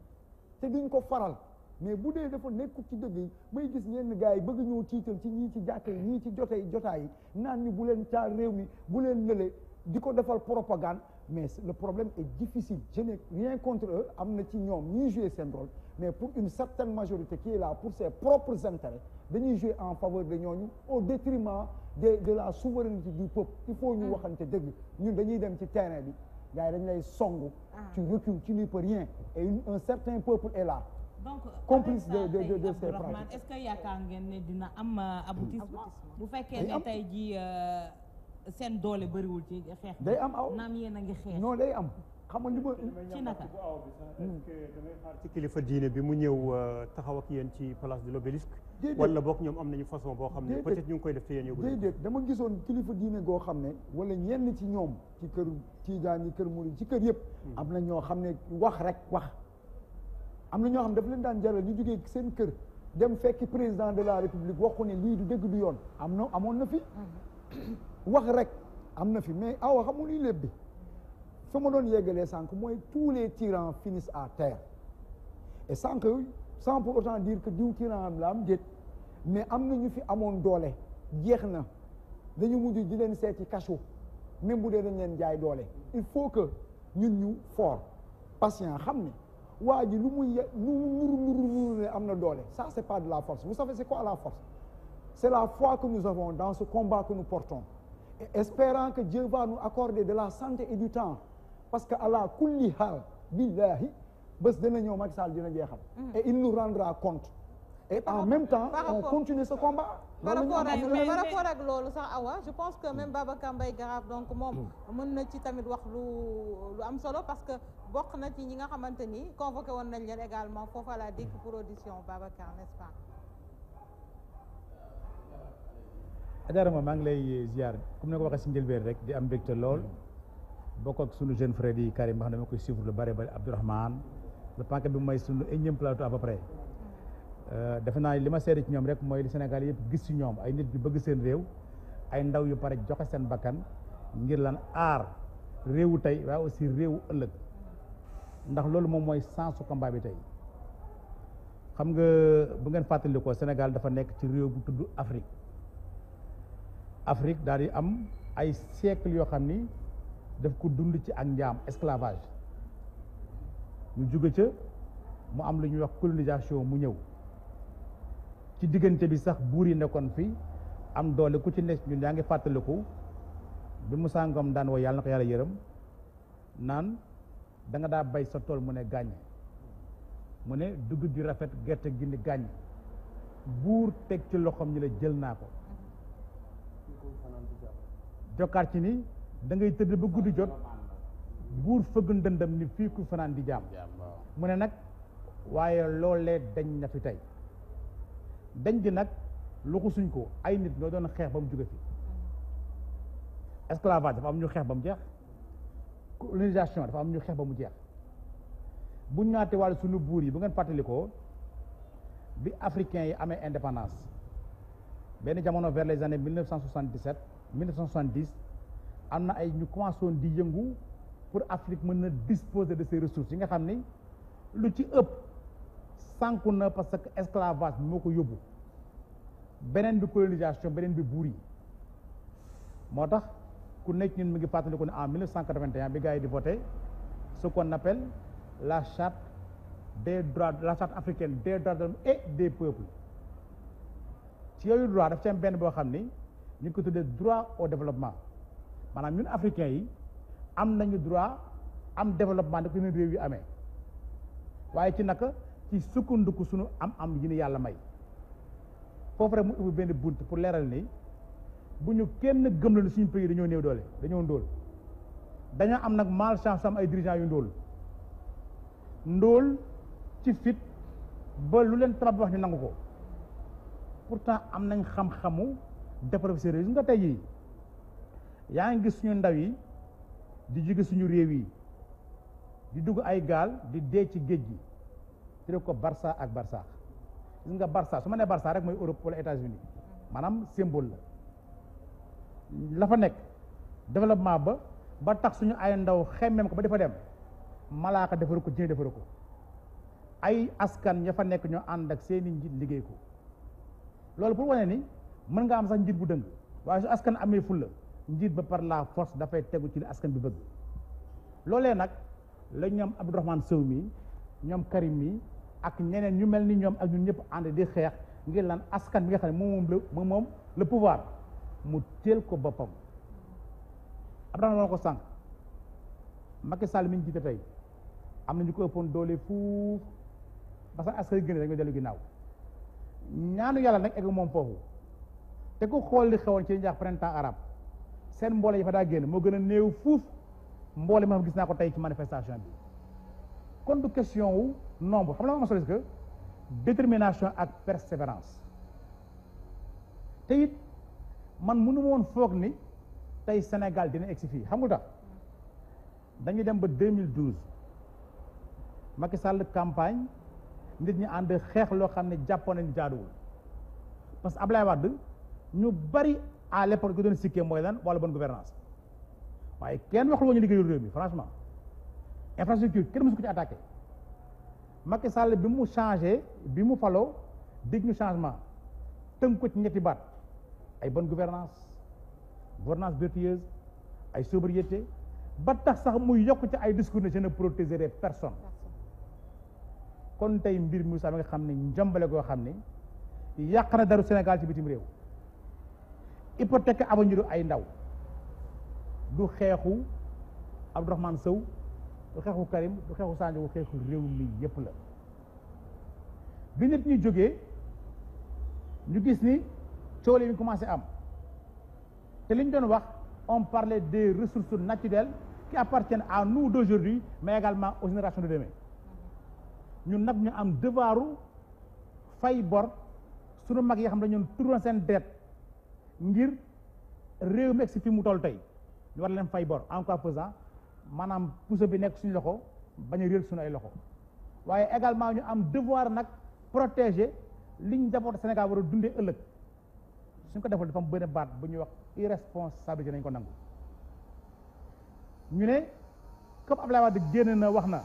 te duñ ko faral mais bu dee dafa nekkul ci dëgg bay gis ñenn gars yi bëgg ñëw tiital ci ñii ci jàkka yi ci jotee jotaay yi naan ñu bu leen taal réew mi bu leen lële di ko defal propagande mais le problème est difficile je n'ai rien contre eux am na ci ñoom ñuy jouer seen rôle mais pour une certaine majorité qui est là pour ses propres intérêts dañuy jouer en faveur de ñooñu au détriment de de la souveraineté du peuple il faut ñu mm. waxante dëgg ñun dañuy dem ci terrain bi gars yi dañ lay songu ah. tu recules ci n'y peux rien et un certain peuple est là euh, complice de de de est-ce que yaakaar ngeen ne dina am euh, mm. aboutissement bu fekkee ne tey jii euh, seen doole bëriwul ci xeex. day am aw naam yéen a ngi xeex. non day am xam nga li ma. ci naka hmm. ci kilifa diine bi mu ñëw euh, taxaw ak yéen ci place de l'obélisque. wala boog ñoom am nañu façon boo xam ne peut-être ñu ngi koy def te yéen yóbbu. dama gisoon kilifa diine goo xam ne wala ñenn ci ñoom ci kër tiijaan yi kër murid ci kër yëpp. Hmm. am na ñoo xam ne wax rek wax. am na ñoo xam daf leen daan jaral ñu jógee seen kër dem fekki président de la république waxu ne lii du dëgg du yoon am na amoon na fi hmm. wax rek am na fi mais awa xamul luy lébbi su ma doon yeggalee sànq mooy tous les tyrans finissent à terre et sànq sans pour autant dire que diw tyran la am déet mais am na ñu fi amoon doole jeex na dañu mujj di leen seeti cachot même bu dee dañ leen jaay doole il faut que ñun ñu fort patient xam ni waa ji lu muy lu nuru nuru nuru ne am na doole ça c'est pas de la force vous savez c'est quoi la force c'est la foi que nous avons dans ce combat que nous et espérant que Dieu va nous accorder de la santé et du temps parce que allah kulli haal billahi bés dana ñëw Macky Sall dina jeexal. Mm. et il nous rendra compte. et en même temps on continue ce combat. par rapport ak par rapport ak loolu sax awa je pense que même Babacar Mbaye Garab donc moom mën na ci tamit wax lu lu am solo parce que bokk na ci ñi nga xamante ni convoqué woon nañ leen également foofu à la DIC pour audition nest pas. Adja Rama maa ngi lay ziar comme ni ko waxee si njëlbeen rek di am mbégte lool bokk ak sunu jeune frère yi Karim wax dama koy suivre lu bare bare Abdourahmane le panque bi mooy sunu énième plateau à peu euh, defe naa li ma seede ci ñoom rek mooy li Sénégal yëpp gis ci ñoom ay nit yu bëgg seen réew ay ndaw yu pare joxe seen bakkan ngir lan aar réewu tey waaye aussi ëllëg ndax loolu moom mooy sensu combat bi tey xam nga bu ngeen fàttalikoo Sénégal dafa nekk ci réew bu tudd Afrique. Afrique daal di am ay siècle yoo xam ni def ko dund ci ak njaam esclavage ñu jóge ca mu am lu ñuy wax colonisation mu ñëw ci diggante bi sax buur yi nekkoon fi am doole ku ci nekk ñun yaa ngi fàttaliku bi Moussa Ngom daan woy yàlla na ko yàlla yërëm naan danga nga daa bay sa tool mu ne gàññ mu ne dugub ji rafet gerte gi ni buur teg ci loxoom ñi la jël naa ko jokkaar ci ni da ngay tëdd ba guddi jot buur fëgg ndëndam ni fii ku fanaan di jaam mu ne nag waaye loolee dañ na fi tey dañ di nag luxusuñ ko ay nit ñoo doon xeex ba mu jóge fi esclavage dafa am ñu xeex ba mu jeex colonisation dafa am ñu xeex ba mu jeex bu ñaate wàll suñu buur yi bu ngeen fàttalikoo bi africains yi amee indépendance benn jamono vers les années 1977 cent 1970 am na ay ñu commencé di yëngu pour Afrique mën na disposer de ses ressources yi nga xam ni lu ci ëpp sànku na parce que esclavage moo ko yóbbu beneen bi colonisation beneen bi buur yi moo tax ku nekk ñun mu ngi fàttaliku ne en 1981 bi gars yi di voté ce qu'on appelle la charte des droits la charte africaine des droits de l'homme et des peuples ci yooyu droit daf ci am benn boo xam ni ñu ko tëddee droit au développement maanaam ñun africains yi am nañu droit am développement ni ko yeneen réew yi amee waaye ci naka ci sukkandiku suñu am am yi ni yàlla may foofu rek mu ubbi benn bunt pour leeral ni bu ñu kenn gëm la suñu pays dañoo néew doole dañoo ndóol dañoo am nag malchance sam ay dirigeants yu ndóol ndóol ci fit ba lu leen Trump wax ñu nangu ko pourtant am nañ xam-xamu déprofesseur yi nga tey jii yaa ngi gis suñu ndaw yi di jóge suñu réew yi di dugg ay gaal di dee ci géej gi tudde ko Barça ak barsa gis nga Barça su ma nee Barça rek mooy Europe wala États-Unis maanaam symbole la la fa nekk développement ba ba tax suñu ay ndaw xemmeem ko ba dafa dem malaaka defaru ko jine defaru ko ay askan ya fa nekk ñoo ànd ak seeni njiit liggéey ko loolu pour wane ni mën nga am sax njiit bu dëng waaye su askan amee fulla njiit ba par la force dafay tegu ci li askan bi bëgg loolee nag la ñoom Abdourahmane Sow mi ñoom Karim mi ak ñeneen ñu mel ni ñoom ak ñu ñëpp ànd di xeex ngir lan askan bi nga xam ne moom moom moom le pouvoir mu teel ko boppam Abdourahmane ko sànq Macky Sall mi ñu jiite tey am na ñu ko ëppoon doole fuuf parce que askan gën dañoo dellu ginnaaw ñaanu yàlla nag egg moom foofu te ku xool li xewoon ci njaax printemps arabe seen mboole yi fa daa génn moo gën a néew fuuf mboole ma xam gis naa ko tey ci manifestation bi kon du question wu nombre xam la ma solo que détermination ak persévérance te it man mënu ma woon foog ni tey Sénégal dina egsi fii xam nga tax dañuy dem ba 2012 Macky Sall campagne nit ñi ànd xeex loo xam ne jàppoon nañu jaaduwul parce que Ablaye Wade ñu bari à l'époque ko doon sikkee mooy lan wala bon gouvernance waaye kenn waxul woon ñu liggéeyu réew mi franchement infrastructure kenn mësu ko ci attaqué Macky Sall bi mu changé bi mu falo dig ñu changement tënk ko ci ñetti baat ay bon gouvernance gouvernance vertueuse ay sobriété ba tax sax muy yokk ci ay discours ne je ne personne kon tey mbir mi sax nga xam ne njambale koo xam ne yàq na daru Sénégal ci bitim réew hypothèque avenir ay ndaw du xeexu Abdourahmane Sow du xeexu Karim du xeexu Sandiago xeexu réew mi yépp la bi nit ñu jógee ñu gis ni coole yi commencé am te li ñu doon wax on parlait des ressources naturelles qui appartiennent à nous d'aujourd'hui mais également aux générations de demain ñun nag ñu am devoiru fay bor suñu mag yi xam ne ñun turoon seen dette ngir réew mi si fi mu toll tey ñu war leen fay bor en quoi faisant maanaam pousse bi nekk suñu loxo bañ a réer suñu ay loxo waaye également ñu am devoir nag protéger liñ d'abord Sénégal war a dundee ëllëg suñ ko defal dafa mu benn baat bu ñuy wax irresponsabilité nañ ko nangu ñu ne comme Abdoulaye Wade génn na wax na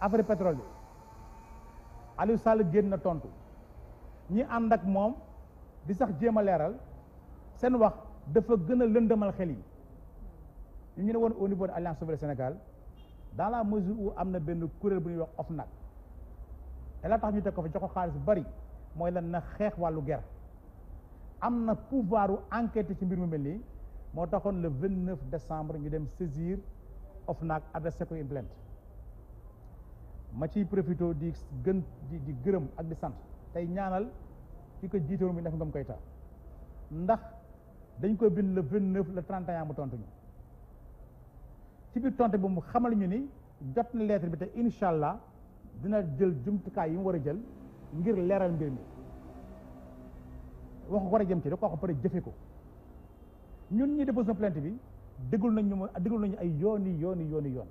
affaire pétrole bi Aliou génn na tontu ñi ànd ak moom di sax jéem a leeral seen wax dafa gën a lëndëmal xel yi ñu ne woon au niveau de Alliance Sauver le Sénégal dans la mesure où am na benn kuréel bu ñuy wax OFNAC te la tax ñu teg ko fa jox ko xaalis bu bari mooy lan na xeex wàllu ger am na pouvoir u enquête ci mbir mu mel nii moo taxoon le vingt neuf décembre ñu dem saisir OFNAC adressé ko une plainte ma ciy profité di gën di di gërëm ak di sant tey ñaanal ki ko jiitoon bi Nafi Ngom Keïta ndax dañ koy bind le vingt neuf le trente et un mu tontu ñu ci biir tontu bi mu xamal ñu ni jot na lettre bi te incha allah dina jël jumtukaay yi mu war a jël ngir leeral mbir mi waxu war a jëm ci da ko wax pare jëfe ko ñun ñi déposé plainte bi déglu nañ ñu déglu nañu ay yoon yi yoon yi yoon yi yoon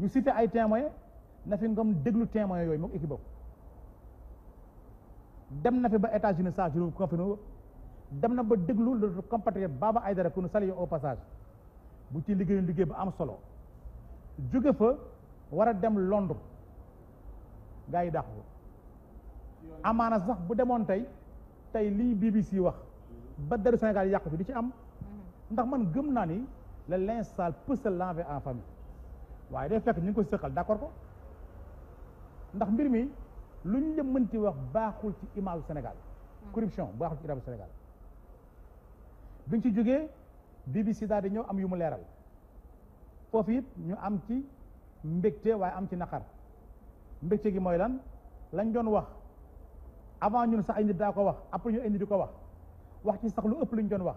ñu cité ay témoins na fi ngam déglu témoins yooyu moom équipe boobu dem na fi ba États-Unis saa juróom confiné dem na ba déglu le compatriote Baba Aydara que nous saluons au passage bu ci liggéeyu liggéey bu am solo jóge fa war a dem Londres gaa yi dàq ko amaana sax bu demoon tey tey lii BBC wax ba deru Sénégal yàqu bi du ci am ndax man gëm naa ni le linge sale peut se laver en famille waaye day fekk ñu ngi ko sëqal d'accord ko ndax mbir mi lu ñu mënti wax baaxul ci image Sénégal hmm. corruption baaxul ci image Sénégal biñ ci jógee BBC daal ñëw am yu mu leeral foofu yit ñu am ci mbégte waaye am ci naqar mbégte gi mooy lan lañ doon wax avant ñun sax ay daa ko wax après ñu indi di ko wax wax ci sax lu ëpp luñ doon wax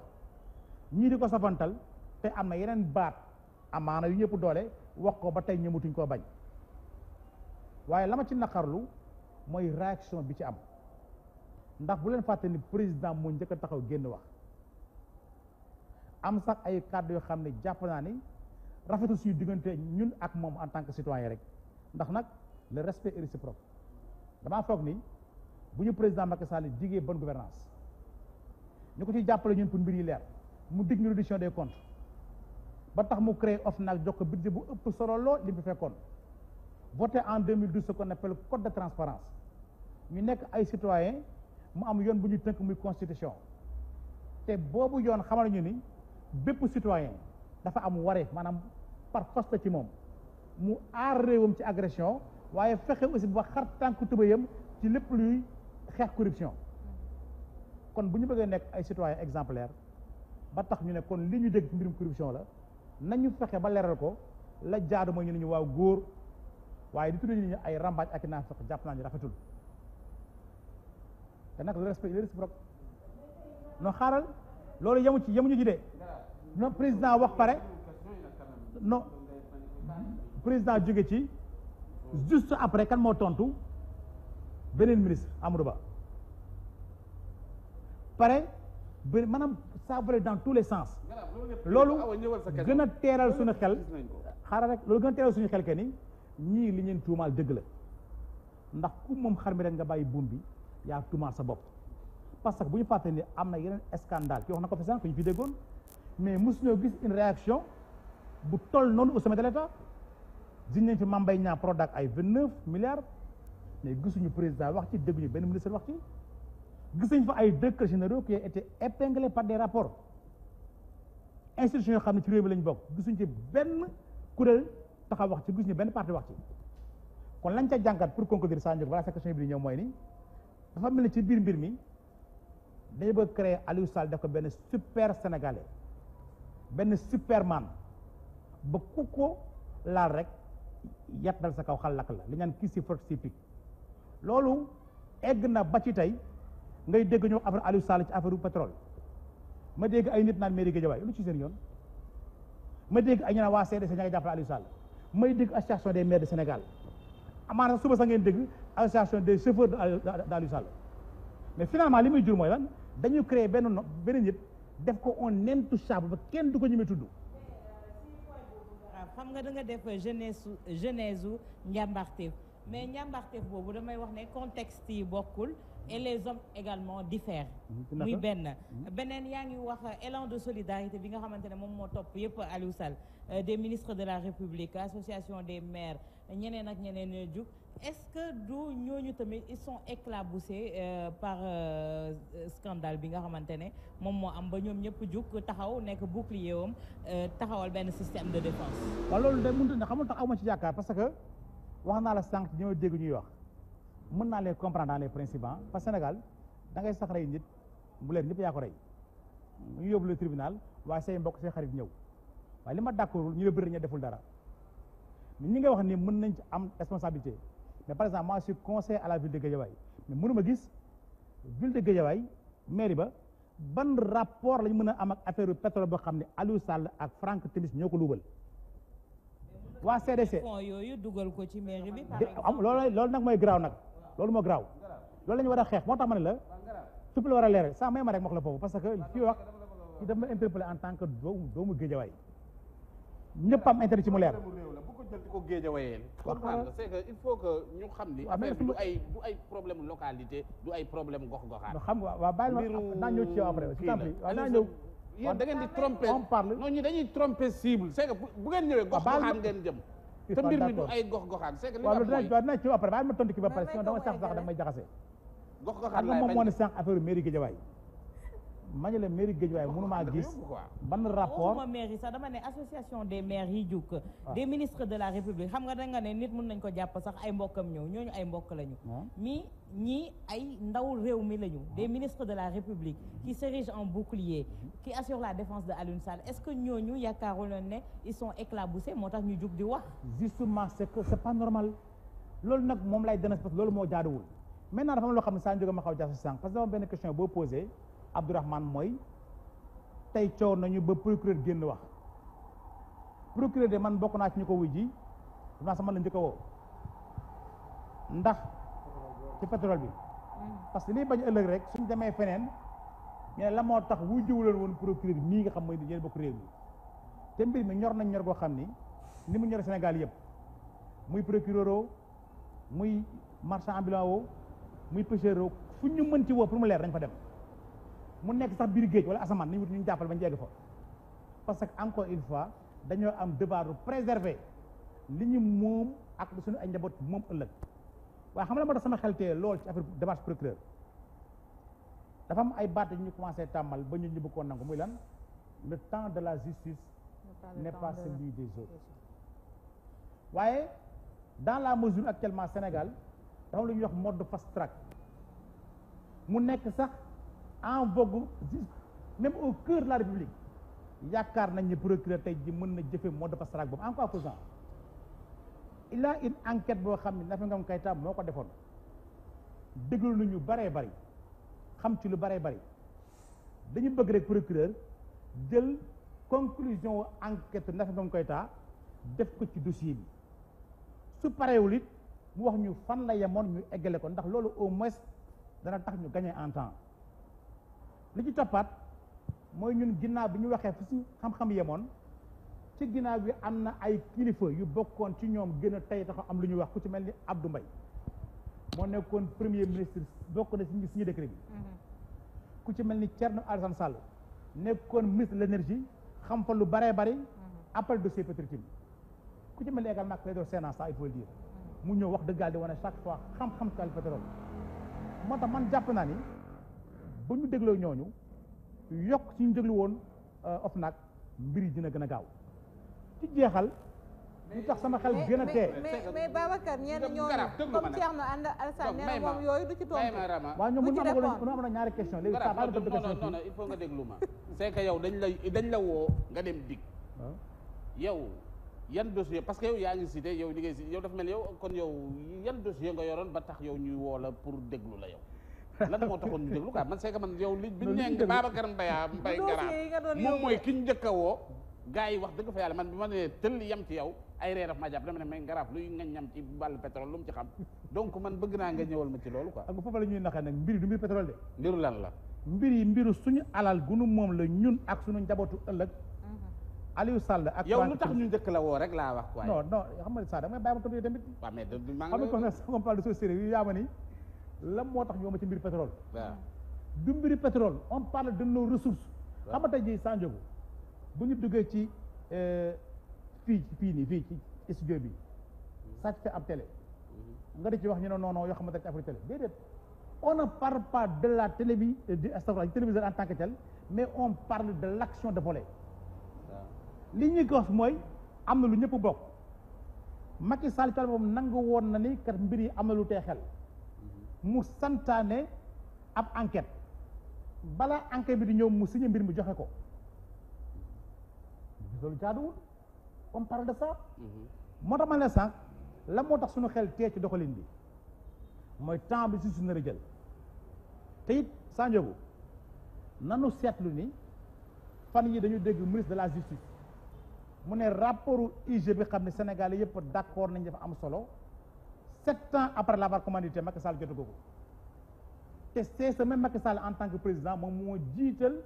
ñii di ko safantal te am na yeneen baat amaana yu ñëpp doole wax ko ba tey ñëmutuñ koo bañ waaye la ma ci naqarlu mooy réaction bi ci am ndax bu leen fàtte ni président moo njëkk taxaw génn wax am sax ay kàddu yoo xam ne jàpp naa ni rafetul suñu diggante ñun ak moom en tant que citoyen rek ndax nag le respect est réciproque damaa foog ni bu ñu président Macky Sall jigee bonne gouvernance ñu ko ci jàppale ñun pour mbir yi leer mu dig ñu réduction des comptes ba tax mu créé OFNAC jox ko budget bu ëpp solo lool li mu fekkoon voté en 2012 ce qu'on appelle code de transparence ñu nekk ay citoyen mu am yoon bu ñu tënk muy constitution te boobu yoon xamal ñu ni bépp citoyen dafa am wareef maanaam par force ci moom mu aar réewam ci agression waaye fexe aussi ba xar tànk tubéyam ci lépp luy xeex corruption kon bu ñu bëggee nekk ay citoyen exemplaire ba tax ñu ne kon li ñu dégg ci mbirum corruption la ñu fexe ba leeral ko la jaadu mooy ñu ne ñu waaw góor waaye di tuddee ñu ne ay rambaaj ak naa fex jàpp naa ñu rafetul te nag le respect le respect non xaaral loolu yemu ci yemuñu ci de non président wax pare no président jóge ci juste après kan moo tontu beneen ministre Amadou Ba pare benn maanaam ça va dans tous les sens loolu gën a teeral suñu xel xaaral rek loolu gën a teeral suñu xel ke ni ñii li ñeen tuumaal dëgg la ndax ku moom xar mi rek nga bàyyi buum bi yaa tuumaal sa bopp parce que bu ñu fàtte ni am na yeneen scandale ki wax na ko fi ñu fi déggoon mais mosuñoo gis une réaction bu toll noonu au sommet de l'État gis nañ fi Mambay ñaa Prodac ay vingt neuf milliards mais gisuñu président wax ci dégguñu benn ministre wax ci gis nañ fa ay décrets généraux qui ont été épinglés par des rapports institutions yoo xam ne ci réew mi lañ bokk gisuñu ci benn kurel taxaw wax ci gisuñu benn parti wax ci kon lañ ca jàngat pour conclure saa njëg balaa sa mooy ni dafa mel ni ci biir mbir mi dañu bëgg créer Aliou Sall def ko benn super sénégalais benn superman ba ku laal rek yat dal sa kaw xal lakk la li ñaan kii si fort loolu egg na ba ci tey ngay dégg ñoo affaire Aliou Sall ci affaire pétrole ma dégg ay nit naan mairie Guédiawaye lu ci seen yoon ma dégg ay ñu naan waa CDC ña ngi jàppale Aliou Sall may dégg association des maires de Sénégal amaana sax suba sax ngeen dégg association des chauffeurs de Aliou Sall mais finalement li muy jur mooy lan dañu créer benn no benn nit def ko on intouchable ba kenn du ko ñemee tudd. waaw xam nga da nga def jeunesse jeunesse u njàmbaarteef mais njàmbaarteef boobu damay wax ne contexte yi bokkul et les hommes également diffèrent muy benn beneen yaa ngi wax élan de solidarité bi nga xamante ne moom moo topp yëpp Aliou euh, des ministres de la République association des maires ñeneen ak ñeneen ñooy jug est-ce que du ñooñu tamit son ils sont éclaboussés euh, par euh, scandale bi nga xamante ne moom moo am ba ñoom ñëpp jug taxaw nekk bouclier wam euh, taxawal benn système de défense. waaw loolu de xamul tax aw ma ci yaakaar parce que wax naa la sànq ñoo dégg ñuy wax mën naa leen comprendre dans les principes parce que Sénégal da ngay sax rey nit bu leen ñëpp yaa ko rey ñu yóbbu le tribunal waaye say mbokk say xarit ñëw waaye li ma d'accordul ñu la bëri deful dara. ñi nga wax ni mën nañ ci am responsabilité mais par exemple moi je suis conseiller à la ville de Guédiawaye mais mënuma gis ville de Guédiawaye mairie ba ban rapport lañ mën a am ak affaire yu pétrole boo xam ne Aliou Sall ak Franck Timis ñoo ko luubal waa CDC fonds yooyu dugal ko ci mairie bi am loolu nag mooy garaaw nag loolu moo garaaw loolu la war a xeex moo tax ma ne la fépp war a leeral saa may ma rek ma wax la foofu parce que fii wax ci dama interpellé en tant que doomu doomu Guédiawaye ñëpp am intérêt mu leer jël di ko géej a wayeel comprendre nga c'est que il faut que ñu xam ni du ay du ay problème localité du ay problème gox-goxaan xam nga waaw bàyyi naa ñëw ci yow après waaw naa ñëw yéen da ngeen di tromper on parle non ñi dañuy tromper cible c'est que bu ngeen ñëwee ah, gox-goxaan ngeen jëm te mbir mi du ay gox-goxaan c'est que li nga dinaa ci après bàyyi ma tontu ki ba pare sinon dama sax sax damay jaxase gox-goxaan moom moo ne sànq affaire mairie Guédiawaye ma ne la mairie Guédiawaye mënumaa gis ban rapport waxuma mairie sax dama ne association des maires yi jukk ah. des ministres de la république xam nga da nga ne nit mën nañ ko jàpp sax ay mbokkam ñëw ñooñu ay mbokk lañu ah. mi ñii ay ndaw réew mi lañu ah. des ministres de la république qui s'érigent en bouclier mm-hmm. qui assurent la défense de Alioune Sall est-ce que ñooñu yaakaarul ne ils sont éclaboussés moo tax ñu jug di wax justement c'est que pas normal loolu nag moom lay loolu moo jaaduwul maintenant dafa am loo xam ne saa njóge Abdourahmane mooy tey coow nañu ba procureur génn wax procureur de man bokk naa ci ñu ko wuy ji naa sama la njëkk a woo ndax ci pétrole bi mm. parce que liy bañ ëllëg rek suñ demee feneen ñu ne moo tax wuy jiwuleen woon procureur mii nga xam mooy di ñeen bokk réew mi te mbir mi ñor nañ ñor goo xam ni ni mu ñor Sénégal yëpp muy procureur oo muy marchand ambulant oo muy pêcheur fu ñu mën ci woo pour mu leer dañ fa dem mu nekk sax biir géej wala asamaan nañu wut ñu jàppale ba ñu yegg fa parce que encore une fois dañoo am devoir préserver li ñu moom ak suñu ay njaboot moom ëllëg waaye xam la moo tax sama xel tee lool ci affaire démarche procureur dafa am ay baat ñu commencé tàmmal ba ñu ñu bëggoon nangu muy lan le temps de la justice n'est pas celui des autres waaye dans la mesure actuellement Sénégal dafa am lu ñuy wax mode fast track mu nekk sax en vogue même au cœur la République yaakaar nañ ne procureur tey ji mën na jëfe moo dafa saraak boobu en quoi faisant il a une enquête boo xam ne Nafi Ngom Keïta moo ko defoon déglu lu ñu baree bari xam ci lu baree bari dañu bëgg rek procureur jël conclusion wu enquête Nafi Ngom Keïta def ko ci dossier bi su parewul it mu wax ñu fan la yamoon ñu eggale ko ndax loolu au moins dana tax ñu gagné en temps li ci toppaat mooy ñun ginnaaw bi ñu waxee fu si xam-xam yemoon ci ginnaaw bi am na ay kilifa yu bokkoon ci ñoom gën tey taxaw am lu ñuy wax ku ci mel ni Abdou Mbaye moo nekkoon premier ministre bokk na si suñu décret bi mm-hmm. ku ci mel ni Thierno Alassane Sall nekkoon ministre de l'énergie xam fa lu baree bari mm-hmm. appel dossier petro ku ci mel ni également Clédor Sène ça il faut le mm-hmm. mu ñëw wax dëggal di wane chaque fois xam-xam ci pétrole moo tax man jàpp bu ñu dégloo ñooñu yokk ci ñu déglu woon euh, OFNAC mbir yi dina gën a gaaw ci jeexal ñu tax sama xel gën a tee mais Babacar ñenn ñooñu comme Thierno ànd Alassane nee na du ci tontu waaw ñoom na ñaari question léegi ça va non non il faut nga déglu ma c'est que yow dañ la woo nga dem dig ah. yow yan dossier parce que yaa ngi cité yow li ngay yow dafa mel yow kon yow yan dossier nga yoroon ba tax yow ñuy woo la pour déglu la yow lan moo taxoon ñu déglu quoi man c'est que man yow li bi ñu nee Babacar Mbaye Mbaye Gara moom mooy ki ñu jëkka woo gars yi wax dëgg fa yàlla man bi ma nee tëll yam ci yow ay ree daf ma jàpp dama ne may ngaraaf luy nga ñam ci wàllu pétrole lu mu ci xam donc man bëgg naa nga ñëwal ma ci loolu quoi xam nga foofu la ñuy naxee nag mbiri du mbir pétrole de mbiru lan la mbir yi mbiru suñu alal gunu moom la ñun ak suñu njabootu ëllëg mhm. Aliou Sall ak yow lu tax ñu njëkk la woo rek laa wax quoi non non xam nga Sall da nga bàyyi ma tamit waaw mais xam nga comme ça on parle de choses sérieuses yu yaa ma ni lan moo tax ñoo ci mbir pétrole du mbiri pétrole on parle de nos ressources xam nga tey jii bu ñu duggee ci euh, fii fii nii fii ci studio bi mhm. sàcc ci ab télé mhm. nga di ci wax ñu ne non yoo xamante ne affaire télé déedéet on ne parle pas de la télé bi du astafurlah téléviseur en tant que mais on parle de l' de volet li ñuy ko wax mooy am na lu ñëpp bokk Macky Sall ca moom nangu woon na ni kat mbir yi am na lu tee xel mu santaane ab enquête balaa enquête bi di ñëw mu signé mbir mi joxe ko loolu jaaduwul on parle de ça mm-hmm. moo tax ma ne sànq la moo tax suñu xel tee ci doxalin bi mooy temps bi si suñu nar a jël te it sanjobu nanu seetlu ni fan yi dañu dégg ministre de la justice mu ne rapportu IG bi xam ne Sénégal yëpp d'accord nañ dafa am solo sept ans après l'avoir commandité Macky Sall jotagu ko te c'est ce même Macky Sall en tant que président moom moo jiital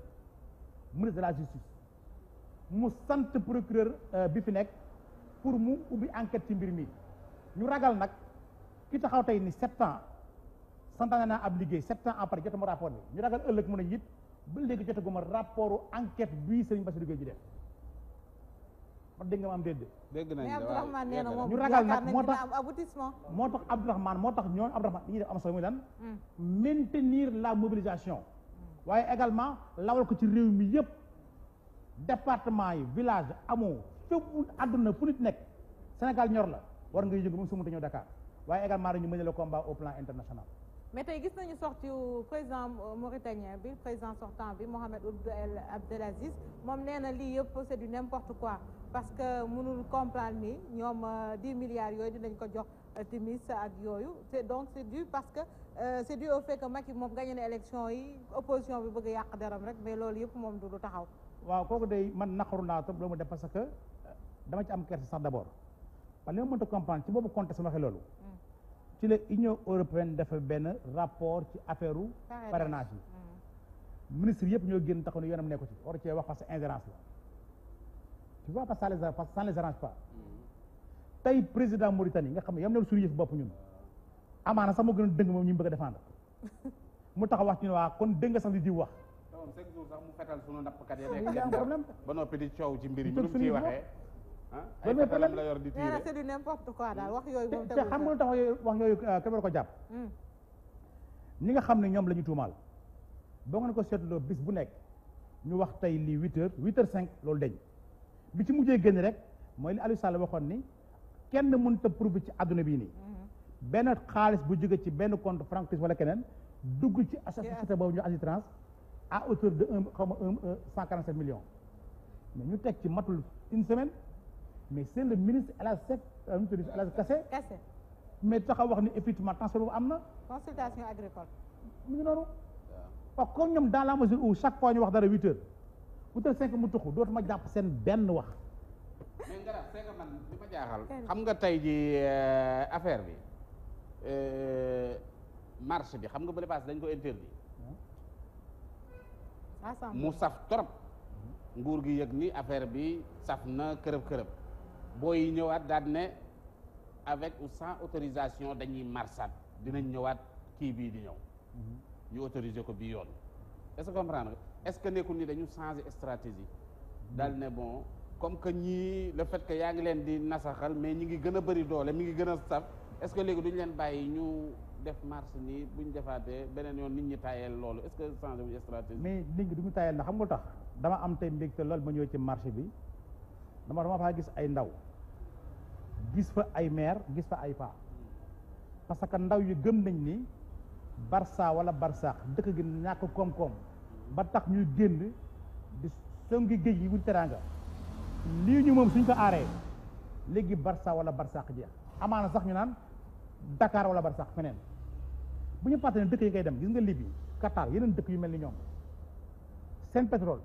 ministre de la justice mu sant procureur euh, bi fi nekk pour mu ubbi enquête ci mbir mi ñu ragal nag ki taxaw tey ni sept ans santaane naa ab liggéey sept ans après jotuma rapport bi ñu ragal ëllëg mën a it ba léegi jotaguma rapportu enquête bii Serigne Bassirou Guèye ji def man dégg nga ma am déedéet. dégg nañ ñu ragal nag moo tax moo tax Abdourahmane moo tax ñooñu Abdourahmane li ñuy def am solo muy lan. Hmm. maintenir la mobilisation. waaye également lawal ko ci réew mi yëpp département yi village amoo fépp àdduna fu nit nekk Sénégal ñor la war nga yëngu moom su ma ñëw Dakar waaye également dañu mënale combat au plan international. mais tey gis nañu sorti président mauritanien bi président sortant bi Mohamed Ould El Abdelaziz moom nee na lii yëpp c'est du n'importe quoi parce que mënul comprendre ni ñoom 10 euh, milliards yooyu dinañ ko jox euh, timis ak yooyu c'est donc c'est dû parce que euh, c'est dû au fait que Macky moom gagné na élection yi opposition bi bëgg yàq deram rek mais loolu yëpp moom du lu taxaw waaw kooku day man naqaru naa trop loolu mu def parce que dama ci am kersa sax d'abord parce que li ma mënta boobu contexte ma loolu ci la union européenne dafa benn rapport ci affaire u parrainage yi hmm. ministre yëpp ñoo génn taxaw ne yoonam nekku ci war cee wax parce que ingérence la tu vois parce que ça les arrange pas hmm. tey président Mauritanie nga xam ne yam ne suñu yëf bopp ñun hmm. amaana sax moo gën a dëng moom ñu bëgg a défendre mu taxaw wax ci ne waa kon dëng sax li di wax. donc chaque jour sax mu fetal suñu nappkat problème ba noppi di coow ci mbir yi. mu ci waxee. Ah. ay katalam la yor di tiire nee na c'est wax yooyu moom te xam nga tax wax yooyu euh, képpel ko jàpp ni hmm. nga xam ne ñoom la ñu tuumaal boo ngeen ko seetloo bis bu nekk ñu wax tey lii huit heures huit heures cinq loolu dañ bi ci mujjee génn rek mooy li Aliou Sall waxoon ni kenn mënut a prouver ci àdduna bii nii hmm. benn xaalis bu jóge ci benn compte franc wala keneen dugg ci société boobu ñu Agitrans à hauteur de un ma un cent quarante sept millions mais ñu teg ci matul une semaine mais c'est le ministre El Hadj Seck euh, ministre El Hadj Kassé mais taxaw wax ni effectivement tension boobu am na. consultation agricole. mu ngi noonu. waaw comme ñoom daal la mesure où chaque fois ñu wax dara huit heures bu teel cinq mu tuxu dootuma jàpp seen benn wax. mais jaaxal. xam nga tey ji euh, affaire bi euh, marche bi xam nga bële paase dañ ko interdit. mu saf trop. nguur gi yëg ni affaire bi saf na kërëb kërëb. boo yi ñëwaat daal ne avec ou sans autorisation dañuy marsaat dinañ ñëwaat kii bii di ñëw mhm. ñu autoriser ko bii yoon est-ce que comprendre est-ce que nekkul ni dañu changer stratégie mhm. daal ne bon comme que ñii le fait yaa ngi leen di nasaxal mais ñi ngi gën a bëri doole mi ngi gën a saf est-ce que léegi duñu leen bàyyi ñu def marche nii buñ defaatee beneen yoon nit ñi taayal loolu est-ce que changé wuñ stratégie mais nit ñi duñu taayal la xam nga tax dama am tey mbégte lool ma ñëw ci marché bi dama dama faa gis ay ndaw gis fa ay maire gis fa ay paa parce que ndaw yi gëm nañ ni Barça wala Barsaax dëkk gi ñàkk koom-koom ba tax ñuy génn di songi géej yi wuñ teraanga lii ñu moom suñ ko aaree léegi Barça wala Barsaax jeex amaana sax ñu naan dakaar wala Barsaax feneen bu ñu fàtte ne dëkk yi ngay dem gis nga Libye Qatar yeneen dëkk yu mel ni ñoom seen pétrole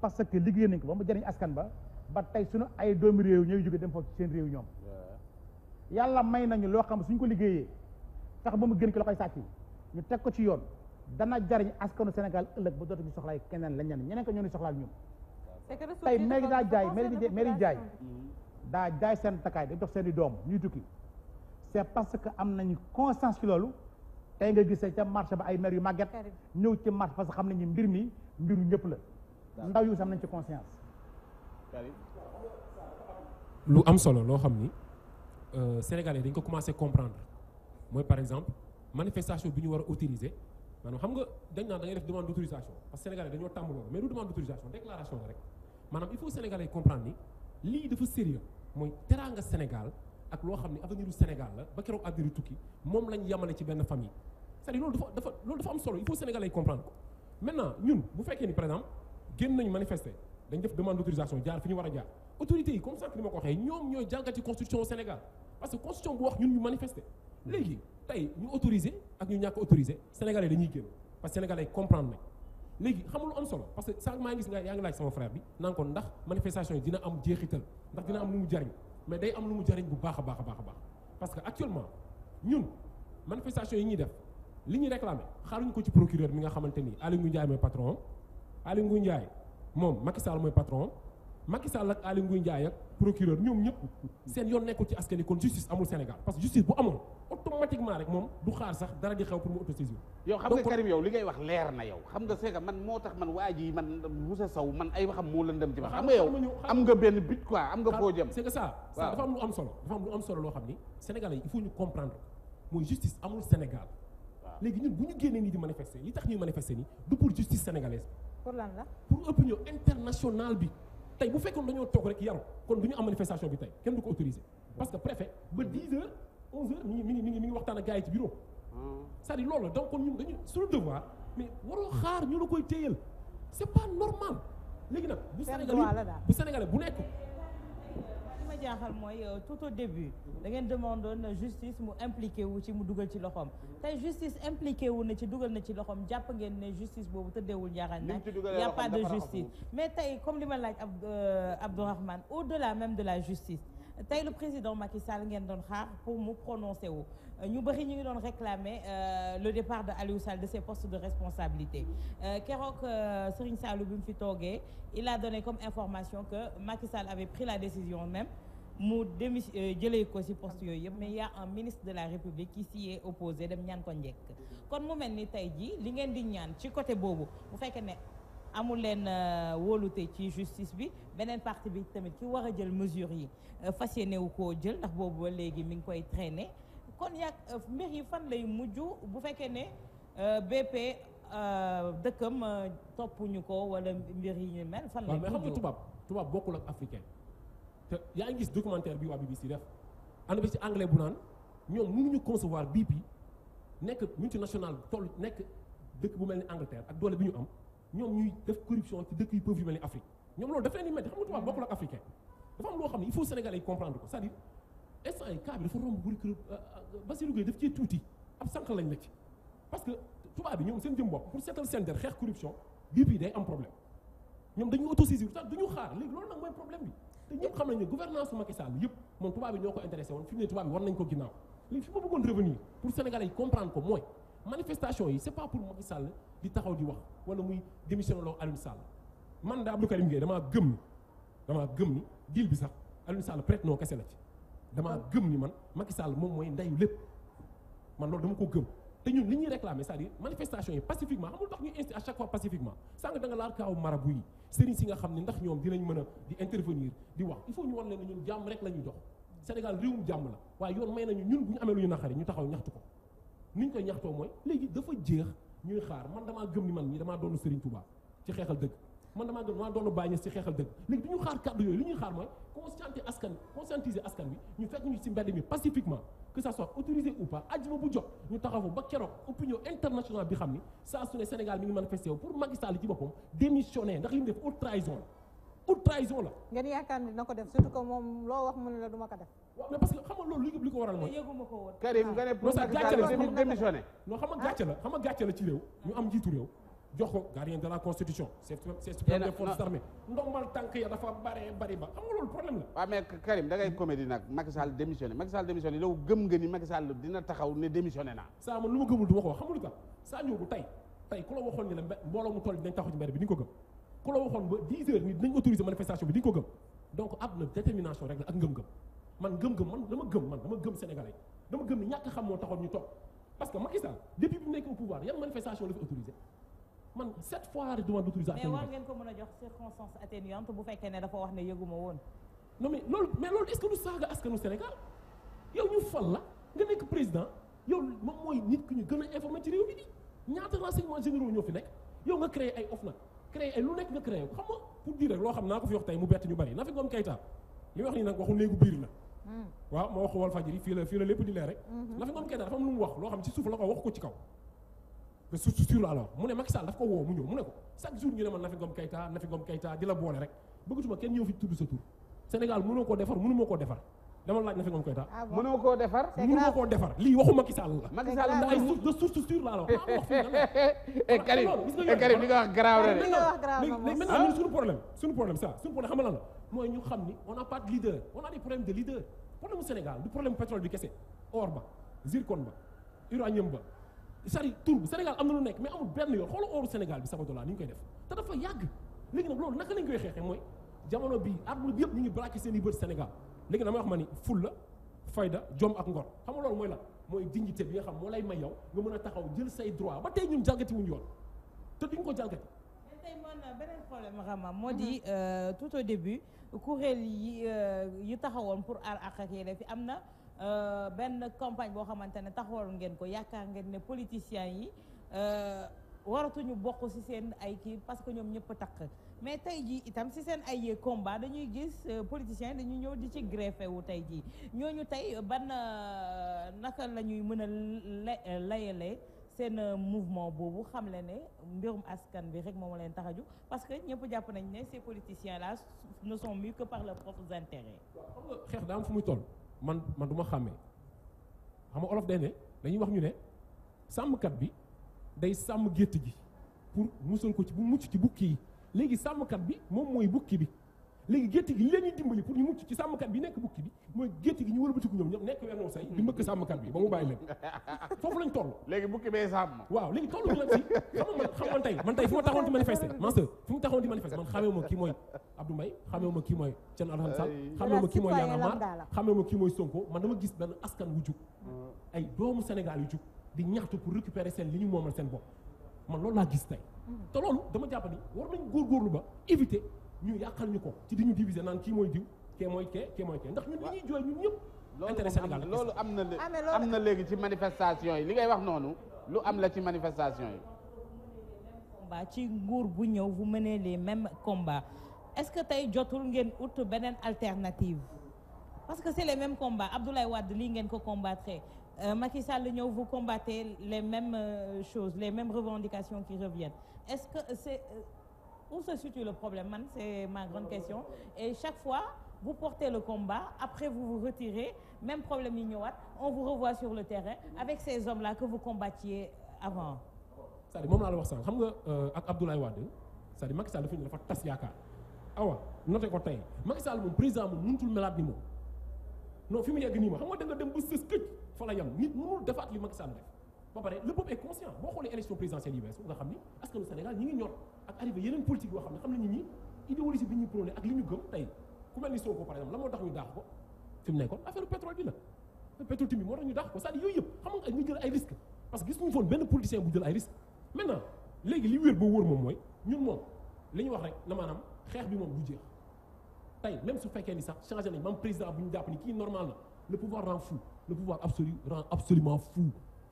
parce que liggéey nañ ko ba mu jëriñ askan ba ba tey suñu ay doomi réew ñooy jóge dem foofu ci seen réew ñoom yàlla may nañu loo xam suñ ko liggéeyee tax ba mu gën ki la koy sàcc ñu teg ko ci yoon dana jariñ askanu Sénégal ëllëg ba dootuñu soxlaay keneen lañ ñeneen ko ñooni soxlaal ñun tey mairie daa jaay mairie mairie jaay daa jaay seen takkaay day dox seen i doom ñuy tukki c'est parce que am nañu conscience ci loolu tey nga gis gisee ca marché ba ay maire yu màgget ñëw ci marché parce que xam nañu mbir mi mbiru ñëpp la ndaw yu sam nañ ci conscience lu am solo loo xam ni euh, sénégalais dañ ko commencé comprendre mooy par exemple manifestation bi ñu war a autoriser maanaam xam nga dañ naan da ngay def demande d' autorisation parce dañoo tàmm loolu mais du demande d' autorisation déclaration la rek maanaam il faut sénégalais comprendre ni lii dafa sérieux mooy teraanga Sénégal ak loo xam ne avenir u Sénégal la ba keroog avenir tukki moom lañ yamale ci benn famille c'est-à-dire loolu dafa dafa loolu dafa am solo il faut sénégalais comprendre maintenant ñun bu fekkee ni par exemple génn dañ def demande d'autorisation jaar fi ñu war a jaar autorités yi comme sànq ni ma ko waxee ñoom ñooy jàngati constitution au Sénégal parce que constitution bu wax ñun ñu manifester léegi tey ñu autorisé ak ñu ñàkk autorisé sénégalais dañuy génn parce que sénégalais comprendre nañ léegi xamul am solo parce que sànq maa ngi gis nga yaa ngi laaj sama frère bi naan ko ndax manifestation yi dina am jeexital ndax dina am lu mu jariñ mais day am lu mu jariñ bu baax a baax baax a parce que actuellement ñun manifestation yi ñuy def li ñuy réclamé xaaruñu ko ci procureur mi nga xamante ni Aliou Ndiaye mooy patron Aliou Ndiaye moom Macky Sall mooy patron Macky Sall ak Aly Ngouille Ndiaye ak procureur ñoom ñëpp seen yoon nekkul ci askan wi kon justice amul Sénégal parce que justice bu amoon automatiquement rek moom du xaar sax dara di xew pour mu autosaisir yow xam nga Karim yow li ngay wax leer na yow xam nga seega man moo tax man waa ji man Moussa Sow man ay waxam moo lëndëm ci ma xam nga yow am nga benn but quoi am nga foo jëm c'est que ça ça dafa am lu am solo dafa am lu am solo loo xam ni Sénégalais yi il faut ñu comprendre mooy justice amul Sénégal léegi ñun bu ñu génnee nii di manifester tax ñuy manifester ni pour lan la. opinion internationale bi tey bu fekkoon dañoo toog rek yaru kon du ñu am manifestation bi tey kenn du ko autorisé parce que préfet ba 10 heures 11 heures mi ngi mi ngi mi ngi mi ngi waxtaan ak gars yi ci bureau. cest la donc kon ñun dañu suñu devoir mais waroo xaar ñu la koy téyal c'est pas normal léegi nag. bu Sénégal bu Sénégal bu nekk. ma jaaxal mooy euh, tout au début da ngeen demandoon justice mu impliqué wu ci mu dugal ci loxoom tey justice impliqué wu na ci dugal na ci loxoom jàpp ngeen ne justice boobu tëddeewul njaxaan nag y a pas de justice mais tey comme li ma laaj euh, Abdourahmane au-delà même de la justice tey le président Macky Sall ngeen doon xaar pour mu prononcer wu ñu bëri ñu ngi doon réclamer euh, le départ de Aliou Sall de ses postes de responsabilité keroog Serigne Sallou bi mu fi toogee il a donné comme information que Macky Sall la décision même mu demi euh, jëlee ko ci post yooyu yëpp mais y a un ministre de la République qui si est opposé dem ñaan ko njëkk kon mu mel ni tey jii li ngeen di ñaan ci côté boobu bu fekkee ne amul leen euh, wolute ci justice bi beneen parti bi tamit ki war a jël mesure yi euh, fas yéene wu koo jël ndax boobu léegi mi ngi koy traîner kon yàgg mbir yi fan lay mujj bu fekkee ne BP dëkkam topp ñu ko wala mbir yi ñu mel fan lay mujj tubaab tubaab bokkul ak africain te yaa ngi gis documentaire bi waa BBC def ànd bi ci anglais bu naan ñoom mënuñu concevoir BP nekk multinational toll nekk dëkk bu mel ni Angleterre ak doole bi ñu am ñoom ñuy def corruption ci dëkk yu pauvre yu mel ni Afrique ñoom loolu daf leen ni métti xam nga tubaab bokkul ak africain dafa am loo xam ne il faut sénégalais yi comprendre ko c'est-à-dire instant yi cas bi dafa romb buri kër euh, euh, Bassirou lañ la ci parce que ñoom seen jëm bopp pour seetal seen der xeex corruption BP day am problème ñoom dañuy autosaisir sax duñu xaar léegi loolu nag mooy problème bi te ñëpp xam nañu ne gouvernance Macky Sall yëpp moom tubaab yi ñoo ko intéressé woon fi mu ne tubaab yi war nañ ko ginnaaw léegi fi ma bëggoon revenir pour sénégalais yi comprendre ko mooy manifestation yi c'est pas pour Macky Sall di taxaw di wax wala muy démissionné loo Aliou Sall man daa Abdou Karim Gueye damaa gëm ni damaa gëm ni deal bi sax Aliou Sall prête noo kese la ci damaa gëm ni man Macky Sall moom mooy ndeyu lépp man loolu dama ko gëm te ñun li ñuy réclamer c'est-à-dire manifestation yi pacifiquement amul tax ñuy insti à chaque fois pacifiquement sànq da nga laal kaaw marabu yi sëriñ si nga xam ne ndax ñoom dinañ mën a di intervenir di wax il faut ñu wan leen ne ñun jàmm rek la ñuy dox Sénégal réewum jàmm la waaye yoon may nañu ñun bu ñu amee lu ñu naqari ñu taxaw ñaxtu ko ni ñu koy ñaxtoo mooy léegi dafa jeex ñuy xaar man damaa gëm ni man ñi damaa doon Sëriñ Tuubaa ci xeexal dëgg man damaa gëm maa doon bàyyi ñes ci xeexal dëgg léegi du ñu xaar kàddu yooyu li ñuy xaar mooy conscientiser askan conscientiser askan bi ñu fekk ñu ci mbedd mi pacifiquement que ça soit autorisé ou pas bu jot ñu taxaw ba keroog opinion internationale bi xam ni saa su ne Sénégal mi ngi manifesté wu pour Macky Sall ci boppam démissionner ndax li mu def haute trahison la haute trahison la. ngeen yaakaar ni dina ko def surtout que moom loo wax mu ne la du ko def. waaw gàcce la xam nga gàcce la ci réew ñu am njiitu réew jox ko gardien de la constitution. chef eh, suprême des forces armées ndombal tànk ya dafa bare bari ba am nga loolu problème la. waaw mais Karim da comédie nag Macky Sall démissionné Macky Sall saa man lu ma gëmul du ma ko wax tax saa ñëw bu tey tey ku la waxoon ni la mbooloo mu toll dinañ taxaw ci mbedd bi di nga ko gëm ku la waxoon ba 10 heures ni dinañ autoriser manifestation bi di nga ko gëm donc ab na détermination rek ak ngëm-ngëm man man sept fois la demande d'utilisation. mais war ngeen ko mën a jox circonstance atténuante bu fekkee ne dafa wax ne yëguma woon. non mais loolu mais loolu est lu saaga askanu Sénégal yow ñu fal la nga nekk président yow moom mooy nit ku ñu gën a informé ci réew mi di ñaata renseignements généraux ñoo fi nekk yow nga créé ay OFNAC créé ay lu nekk nga créé ko xam nga pour dire rek loo xam naa ko fi wax tey mu bett ñu bari na fi ngoom Keita li wax nii nag waxu néegu biir hmm. di leer hmm. loo xam ci suuf la ko wax ko ci kaw mais su sur la alors mu ne Macky Sall daf ko woo mu ñëw mu ne ko chaque jour ñu ne ma Nafi Ngom Keïta Nafi Ngom Keïta di la boole rek bëggatuma kenn ñëw fi tudd sa tur Sénégal mënoo koo defar mënu moo koo defar dama na ah de maintenant ah. problème suñu problème ça suñu problème xam lan mooy ñu xam ni on n'a pas de leader on a des problèmes de leader problème Sénégal du problème pétrole bi kese or ba zircon ba ba sari tur bi Sénégal am na lu nekk mais amul benn yoon xoolal ooru Sénégal bi Sabodala ni ñu koy def te dafa yàgg léegi nag loolu naka lañ koy xeexee mooy jamono bii àdduna bi yëpp ñu ngi braqué seen i bët Sénégal léegi damay wax ma ni fulla fayda jom ak ngor xam loolu mooy lan mooy dignité bi nga xam moo lay may yow nga mën a taxaw jël say droit ba tey ñun jalgati yoon te duñ ko jalgati tey man euh, beneen problème rama moo mhm. di euh, tout au début kuréel yi euh, yu taxawoon pour aar ak fi am na Euh, benn campagne boo xamante ne taxawal ngeen ko yaakaar ngeen ne politiciens yi euh, waratuñu bokk ci seen ay kii parce que ñoom ñëpp takk mais tey jii itam ci seen ay combat dañuy gis euh, politiciens yi dañuy ñëw di ci greffé wu tey jii ñooñu tey ban naka la ñuy mën a layale seen mouvement boobu xam le ne mbirum askan bi rek moom leen tax a jóg parce que ñëpp jàpp nañ ne ces politiciens là ne sont mus que par leurs propres intérêts. xeex daa fu muy toll. man man du ma xàmmee xam nga olof day ne dañuy wax ñu ne sàmmkat bi day sàmm gétt gi pour musal ko ci bu mucc ci bukki yi léegi sàmmkat bi moom mooy bukki bi léegi gétt gi leen ñuy dimbali pour ñu mucc ci sàmmkat bi nekk bukki bi mooy gétt gi ñu wëlbatiku ñoom ñoom nekk wenoo say di ba mu bàyyi leen foofu lañ toll léegi bukki bee sàmm waaw léegi toll ñu nag taxoon di manifester man se fu mu taxoon di manifester man xamee a mooy Sonko man dama gis benn askan wu jug mm. ay doomu Sénégal yu jug di ñaxtu pour récupérer seen li ñu moomal seen bopp man loolu laa gis tey mm. te loolu dama jàpp war nañ góorgóorlu ba éviter ñu yàqal ñu ko ci di ñu diviser naan kii mooy diw kee mooy kee kee mooy kee ndax ñun li ñuy jooy ñun ñëpp intérêt Sénégal loolu am na ah, am na léegi ci manifestation yi li ngay wax noonu lu am la ci manifestation yi ci nguur bu ñëw vous menez les mêmes combats est-ce que tey jotul ngeen ut beneen alternative parce que c'est les mêmes combats Abdoulaye Wade lii ngeen ko combattre euh, Macky Sall ñëw vous combattez les mêmes euh, chose les mêmes revendications qui reviennent est-ce que c'est euh, où se situe le problème man c'est ma grande question et chaque fois vous portez le combat après vous vous retirez même problème yi ñëwaat on vous revoit sur le terrain avec ces hommes là que vous combattiez avant. c'est-à-dire moom wax sànq xam nga euh, ak Abdoulaye Wade c'est-à-dire Macky Sall dafa ñu dafa tas yaakaar awa noté ko tey Macky Sall moom président moom mënutul melaat ni moom non fi mu yegg nii ma xam nga da nga dem ba sës këj fa la yem nit mënul defaat li Macky Sall def ba ngi ñor. ak arrivé yeneen politique yoo xam ne xam ne nit ñi idéologie bi ñuy prôné ak li ñu gëm tey ku mel ni Sonko par exemple la moo tax ñu daax ko fi mu nekkoon affaire pétrole bi la pétrole tamit moo tax ñu daax ko c'est-à-dire yooyu yëpp xam nga ñu jël ay risque parce que gis ñu foon benn politicien bu jël ay risque maintenant léegi li wér ba wóor moom mooy ñun moom li ñu wax rek na maanaam xeex bi moom du jeex tey même su fekkee ni sax changé nañ même président bu ñu jàpp ni kii normal la le pouvoir rend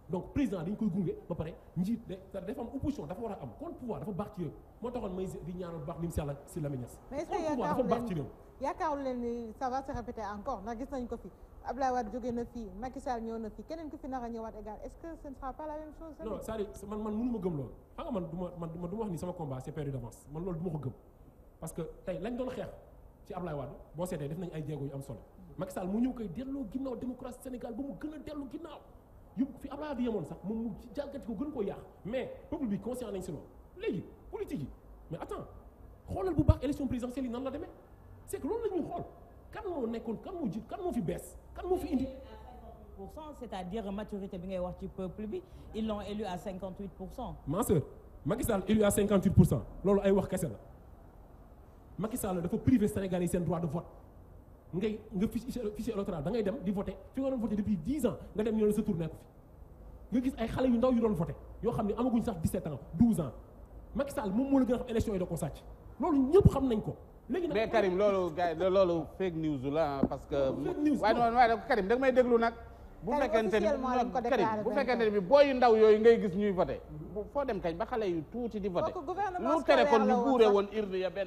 donc président dañ koy gunge ba pare njiit de dafa am opposition dafa war a am kon pouvoir dafa baax ci réew moo taxoon may di ñaanal baax lim si àlla encore ndax gis nañ ko fi Abdoulaye Wade jóge a ñëwaat que ce ne sera ma gëm loolu xam nga man du man du wax ni sama combat c'est perdu d'avance man loolu du ko gëm parce que tey lañ doon xeex ci Abdoulaye Wade boo seetee def nañ ay jéego yu am solo Macky Sall mu ñëw koy delloo ginnaaw démocratie Sénégal ba mu gën a dellu ginnaaw yóbbu fi Abdoulaye di yemoon sax moom mu jalgati ko gën koo yàq mais peuple bi conscient nañ si loolu léegi politique yi mais attends xoolal bu baax élection présidentielle yi nan la demee c'est que loolu la ñuy xool kan moo nekkoon kan moo ji kan moo fi bees kan moo fi indi pour cent c'est-à-dire maturité bi ngay wax ci peuple bi ils l'ont élu à 58 pour cent ma sœur Macky Sall élu à pour cent loolu ay wax kese la Macky Sall dafa privé sénégal yi seen droit de vote ngay nga fichier électoral da ngay dem di voté fi nga doon voté depuis 10 ans nga dem ñu ne sa tour nekk fi nga gis ay xale yu ndaw yu doon voté yoo xam ni amaguñ sax 17 ans 12 ans Macky Sall moom moo la gën a xam élection yi da ko sàcc loolu ñëpp xam nañ ko. léegi nag mais Karim loolu gars loolu fake news la parce que. fake news waaye noonu waaye Karim danga may déglu nag. bu fekkente ni Karim bu fekkente ni booy yu ndaw yooyu ngay gis ñuy voté. foo dem kañ ba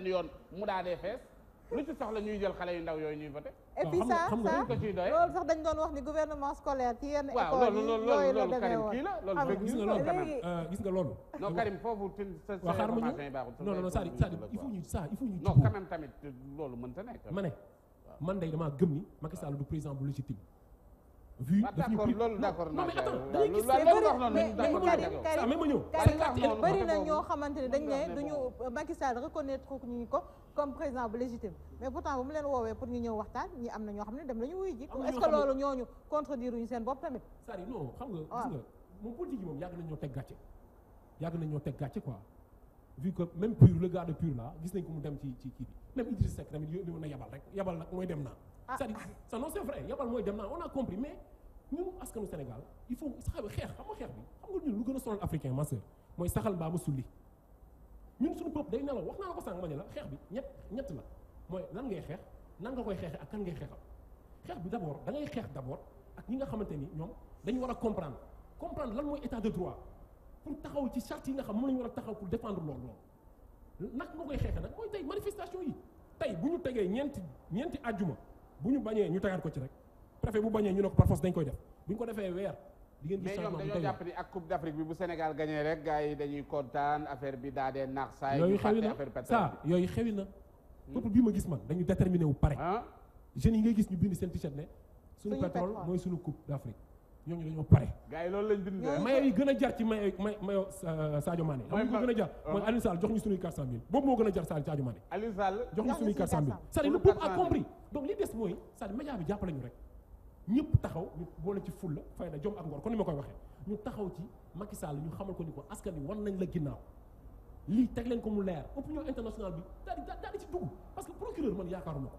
yoon mu daadee fees lu ci soxla ñuy jël yu ndaw yooyu ñuy voté. et loolu sax dañ doon wax ni gouvernement scolaire ci yenn école yi loolu la demee woon waaw loolu gis nga loolu Karim euh, gis nga loolu. non Karim foofu te sa sa information yi baaxul. non non c'est-à-dire cest il faut ñu ça il faut ñu. non quand même tamit loolu mënta nekk. ma ne man day damaa gëm ni Macky Sall du président légitime. vu daf ñu loolu d'accord non mais attends da ma ko euh, ñu ko comme président bu légitime mais pourtant bu mu leen woowee pour ñu ñëw waxtaan ñi am na ñoo xam ne dem lañu wuy ji est-ce que loolu ñooñu contredire uñu seen bopp tamit sari non xam nga gis ah. nga moom politique yi moom yàgg nañ teg gàcce yàgg nañ teg gàcce quoi vu pur le gis nañ ko mu dem ci ci kii bi même Idriss Seck tamit yow na yabal rek yabal nag mooy dem naa c'est-à-dire ça non mooy dem naa on a compris mais ñun askanu Sénégal il faut sax bi xeex xam nga xeex bi xam nga ñun lu gën a sonal africain ma mooy saxal mbaa ba sulli ñun suñu peuple day nelaw wax naa la ko sànq ma ne la xeex bi ñett ñett la mooy lan ngay xeex nan nga koy xeexee ak kan ngay xeexal xeex bi d'abord da ngay xeex d'abord ak ñi nga xamante ni ñoom dañu war a comprendre comprendre lan mooy état de droit pour taxaw ci charte yi nga xam moom la ñu war a taxaw pour défendre loolu loolu nag nga koy xeexee nag mooy tey manifestation yi tey bu ñu tegee ñeenti ñeenti àjjuma bu ñu bañee ñu tegaat ko ci rek préfet bu bañee ñu ne ko par dañ koy def bu ñu ko defee weer. di ngeen mais ñoom dañoo jàpp ni ak coupe d' afrique bi bu Sénégal gagné bi daa dee naax saa yooyu xewi na saa yooyu xewi na peuple ma gis man dañu déterminé wu pare ah. jeunes yi ngay gis ñu bind seen t-shirt ne suñu pétrole mooy suñu coupe d' afrique ñooñu yi loolu lañ bind gën a jar ci mayo mayo euh, Sadio Mané a ah. jox ñu suñuy quatre cent mille boobu moo gën a jar Sadio Mané jox ñu suñuy quatre cent mille c'est-à-dire le compris donc li des mooy c'est-à-dire média bi jàppale ñu rek ñëpp taxaw ñu boole ci fulla fayda jom ak ngor kon ni ma koy waxee ñu taxaw ci Macky Sall ñu xamal ko ni ko askan wi wan nañ la ginnaaw lii teg leen ko mu leer opinion internationale bi daal di ci dugg parce que procureur man yaakaaruma ko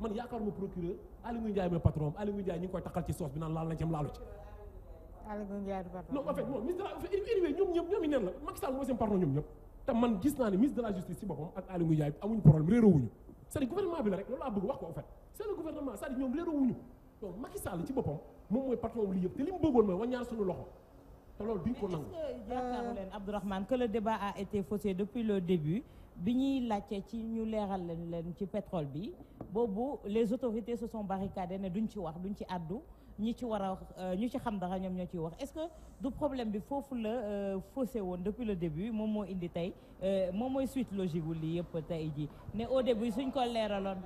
man yaakaaruma procureur Aliou Ndiaye mooy patron am Aliou Ndiaye ñu ngi koy taxal ci soos bi naan laal nañ ci am laalu ci. Aliou Ndiaye du patron la anyway ñoom ñëpp ñoom ñu neen la patron ñoom ñëpp naa ne ministre de la justice ci wuñu cest à gouvernement bi la rek loolu laa bëgg wax ko en fait c'est gouvernement cest ñoom réeroo wuñu donc Macky ci boppam moom mooy patron li yëpp te li mu bëggoon mooy waññaar suñu loxo te loolu duñ ko nangu. mais est-ce que yaakaaru leen Abdourahmane que le débat a été faussé depuis le début bi ñuy laajte ci ñu leeral leen leen ci pétrole bi boobu les autorités se sont barricadées ne duñ ci wax duñ ci àddu. ñi ci war a euh, ñu ci xam dara ñoom ñoo ciy wax est-ce que du problème bi foofu la euh, faussé woon depuis le début moom moo indi tey euh, moom mooy suite logique wu lii yëpp tey ji ne au début suñ ko leeraloon.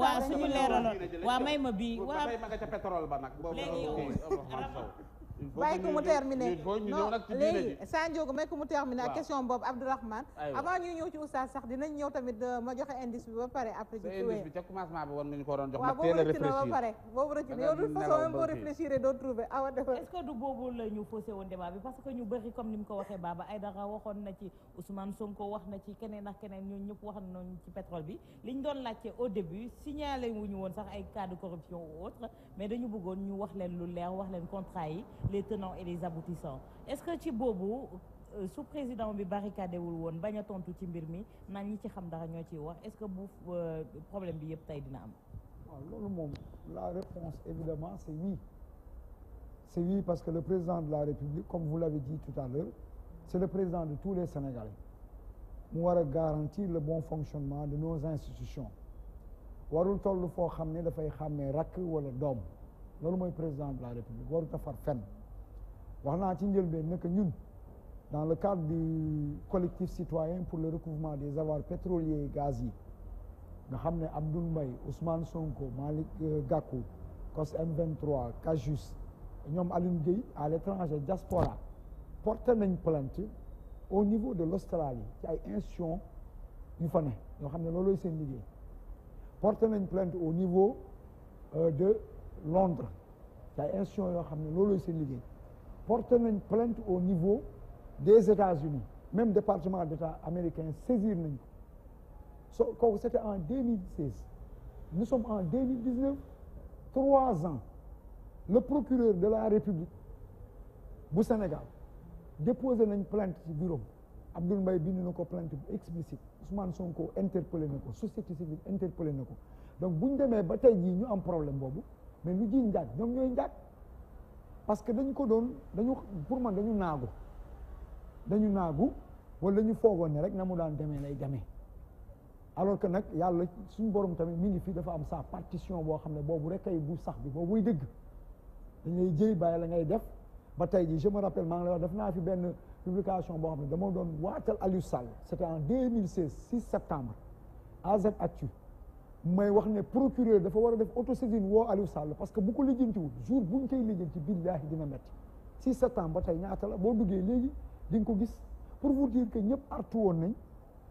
waaw suñu leeraloon waaw may ma bii waaw léegi yow bàyyi ko mu terminé non léegi Sa Ndiogou may ko mu terminé ak question boobu Abdourahmane avant ñu ñëw ci oustaz sax dinañ ñëw tamit euh, ma joxe indice bi ba pare après ji indice bi ca commencement bi war nga ñu ko doon jox waaw est-ce que du boobu la ñu faussé woon bi parce que ñu bëri comme ni mu ko waxee Baba Aïdara waxoon na ci Ousmane Sonko wax na ci keneen ak keneen ñoo ñëpp wax nañu ci pétrole bi liñ doon laajte au début signalé wuñu woon sax ay cas de corruption ou autre mais dañu bëggoon ñu wax leen lu leer wax leen contrat yi les tenants et les aboutissants est-ce que ci boobu euh, su président bi barricadé wul woon bañ tontu ci mbir mi naan ñi ci xam dara ñoo ciy wax est-ce que bu euh, problème bi yëpp tey dina am. loolu moom la réponse évidemment c'est oui c'est oui parce que le président de la République comme vous l'avez dit tout à l'heure c'est le président de tous les Sénégalais mu war a garantir le bon fonctionnement de nos institutions warul toll foo xam ne dafay xàmmee rakk wala doom loolu mooy président de la République wax naa ci njëlbeen nag ñun dans le cadre du collectif citoyen pour le recouvrement des avoirs pétroliers et gaz yi nga xam ne Abdoul Mbaye Ousmane Sonko Malick euh, Gakou COS M23 Cajus ñoom Alioune Gueye à l'étranger diaspora porté nañ plainte au niveau de l'Australie ci ay institutions yu fa ne yoo xam ne loolooy seen liggéey porte nañ plainte au niveau euh, de Londres ci ay institutions yoo xam ne loolooy seen liggéey porté nañ plainte au niveau des États-Unis même de d'État américain saisir nañ ko so kooku c'était en 2016 nous sommes en 2019 trois ans le procureur de la République bu Sénégal déposé nañ plainte ci bureau Abdoul Mbaye bind na ko plainte bu explicite Ousmane Sonko interpellé na ko société civile interpellé na ko donc bu ñu demee ba tey jii ñu am problème boobu mais lu ji njaaj ñoom ñooy njaaj parce que dañ ko doon dañu pour man dañu naagu dañu naagu wala dañu foogoon ne rek na mu daan demee nay game alors que nag yàlla suñ borom tamit mi ngi fi dafa am sa partition boo xam ne boobu rek ay bu sax bi boobuy dëgg dañ lay jëy bàyyi la ngay def ba tey ji je me rappelle maa ngi def naa fi benn publication boo xam ne dama doon waatal Aliou Sall c'était en 2016 6 septembre AZ Actu may wax ne procureur dafa war a def autosaisine woo Aliou Sall parce que bu ko lijjantiwul jour buñ koy lijjanti billaahi dina métti si septembre ba tey ñaata la boo duggee léegi di nga ko gis pour vous dire que ñëpp artu woon nañ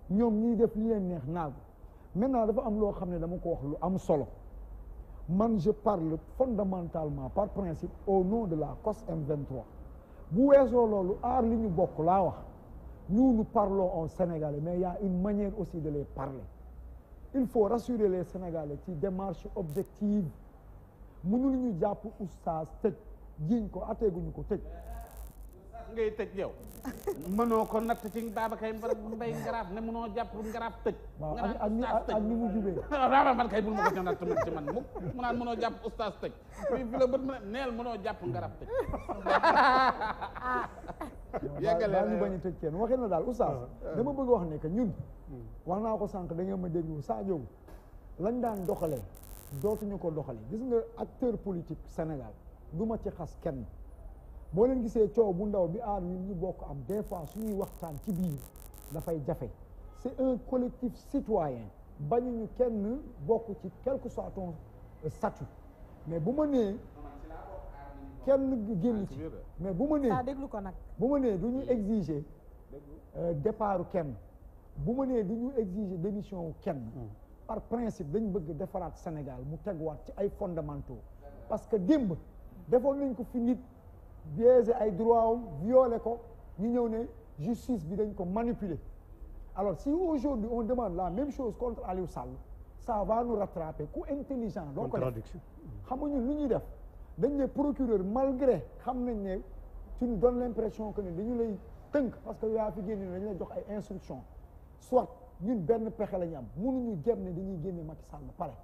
ñoom ñuy def li leen neex naagu maintenant dafa am loo xam ne dama ko wax lu am solo man je parle fondamentalement par principe au nom de la COS M23 bu weesoo loolu aar li ñu bokk laa wax nous nous parlons en sénégalais mais y une manière aussi de les parler il faut rassure les Sénégalais ci démarche objective mënul ñu jàpp oustaz tëj jiñ ko atteeguñu ko tëj ngay tëj yow mënoo ko natt ci baabakay mbay ngaraaf ne mënoo jàpp ngaraaf tëj waaw ak ni mu jubee raaba man kay bul ma ko ñëw natt man ci man mukk mu naan mënoo jàpp oustaz tëj fi la bët mu neel mënoo jàpp ngaraaf tëj yeggale baa ñu bañ a tëj kenn waxee na daal oustaz ah. dama bëgg wax ne que ñun hmm. wax naa ko sànq da ngeen ma déglu Sadio lañ daan doxale dootuñu ko doxale gis nga acteur politique Sénégal du ma ci xas kenn boo leen gisee coow bu ndaw bi aar ah, ñun ñu bokk am des fois suñuy waxtaan ci biir dafay jafe c'est un collectif citoyen bañuñu kenn bokk ci quelque soit ton statut mais bu ma nee kenn génn ci mais bu ma nee déglu ko nag bu ma nee du ñu hmm. exiger euh, départu kenn bu ma nee du ñu exiger démission wu kenn hmm. par principe dañ bëgg defaraat Sénégal mu tegwaat ci ay fondamentaux parce que démb defoon nañ ko fi nit biaisé ay droit am violé ko ñu ñëw ne justice bi dañ ko manipuler alors si aujourd'hui on demande la même chose contre Aliou Sall ça va nous rattraper ku intelligent doo ko def xamuñu lu ñuy def dañ ne procureur malgré xam nañ ne tu nous donnes l'impression que ne dañu lay tënk parce que yaa fi génne dañu lay jox ay instruction soit ñun benn pexe la ñu am mënuñu jéem ne dañuy génne Macky sàll ba pare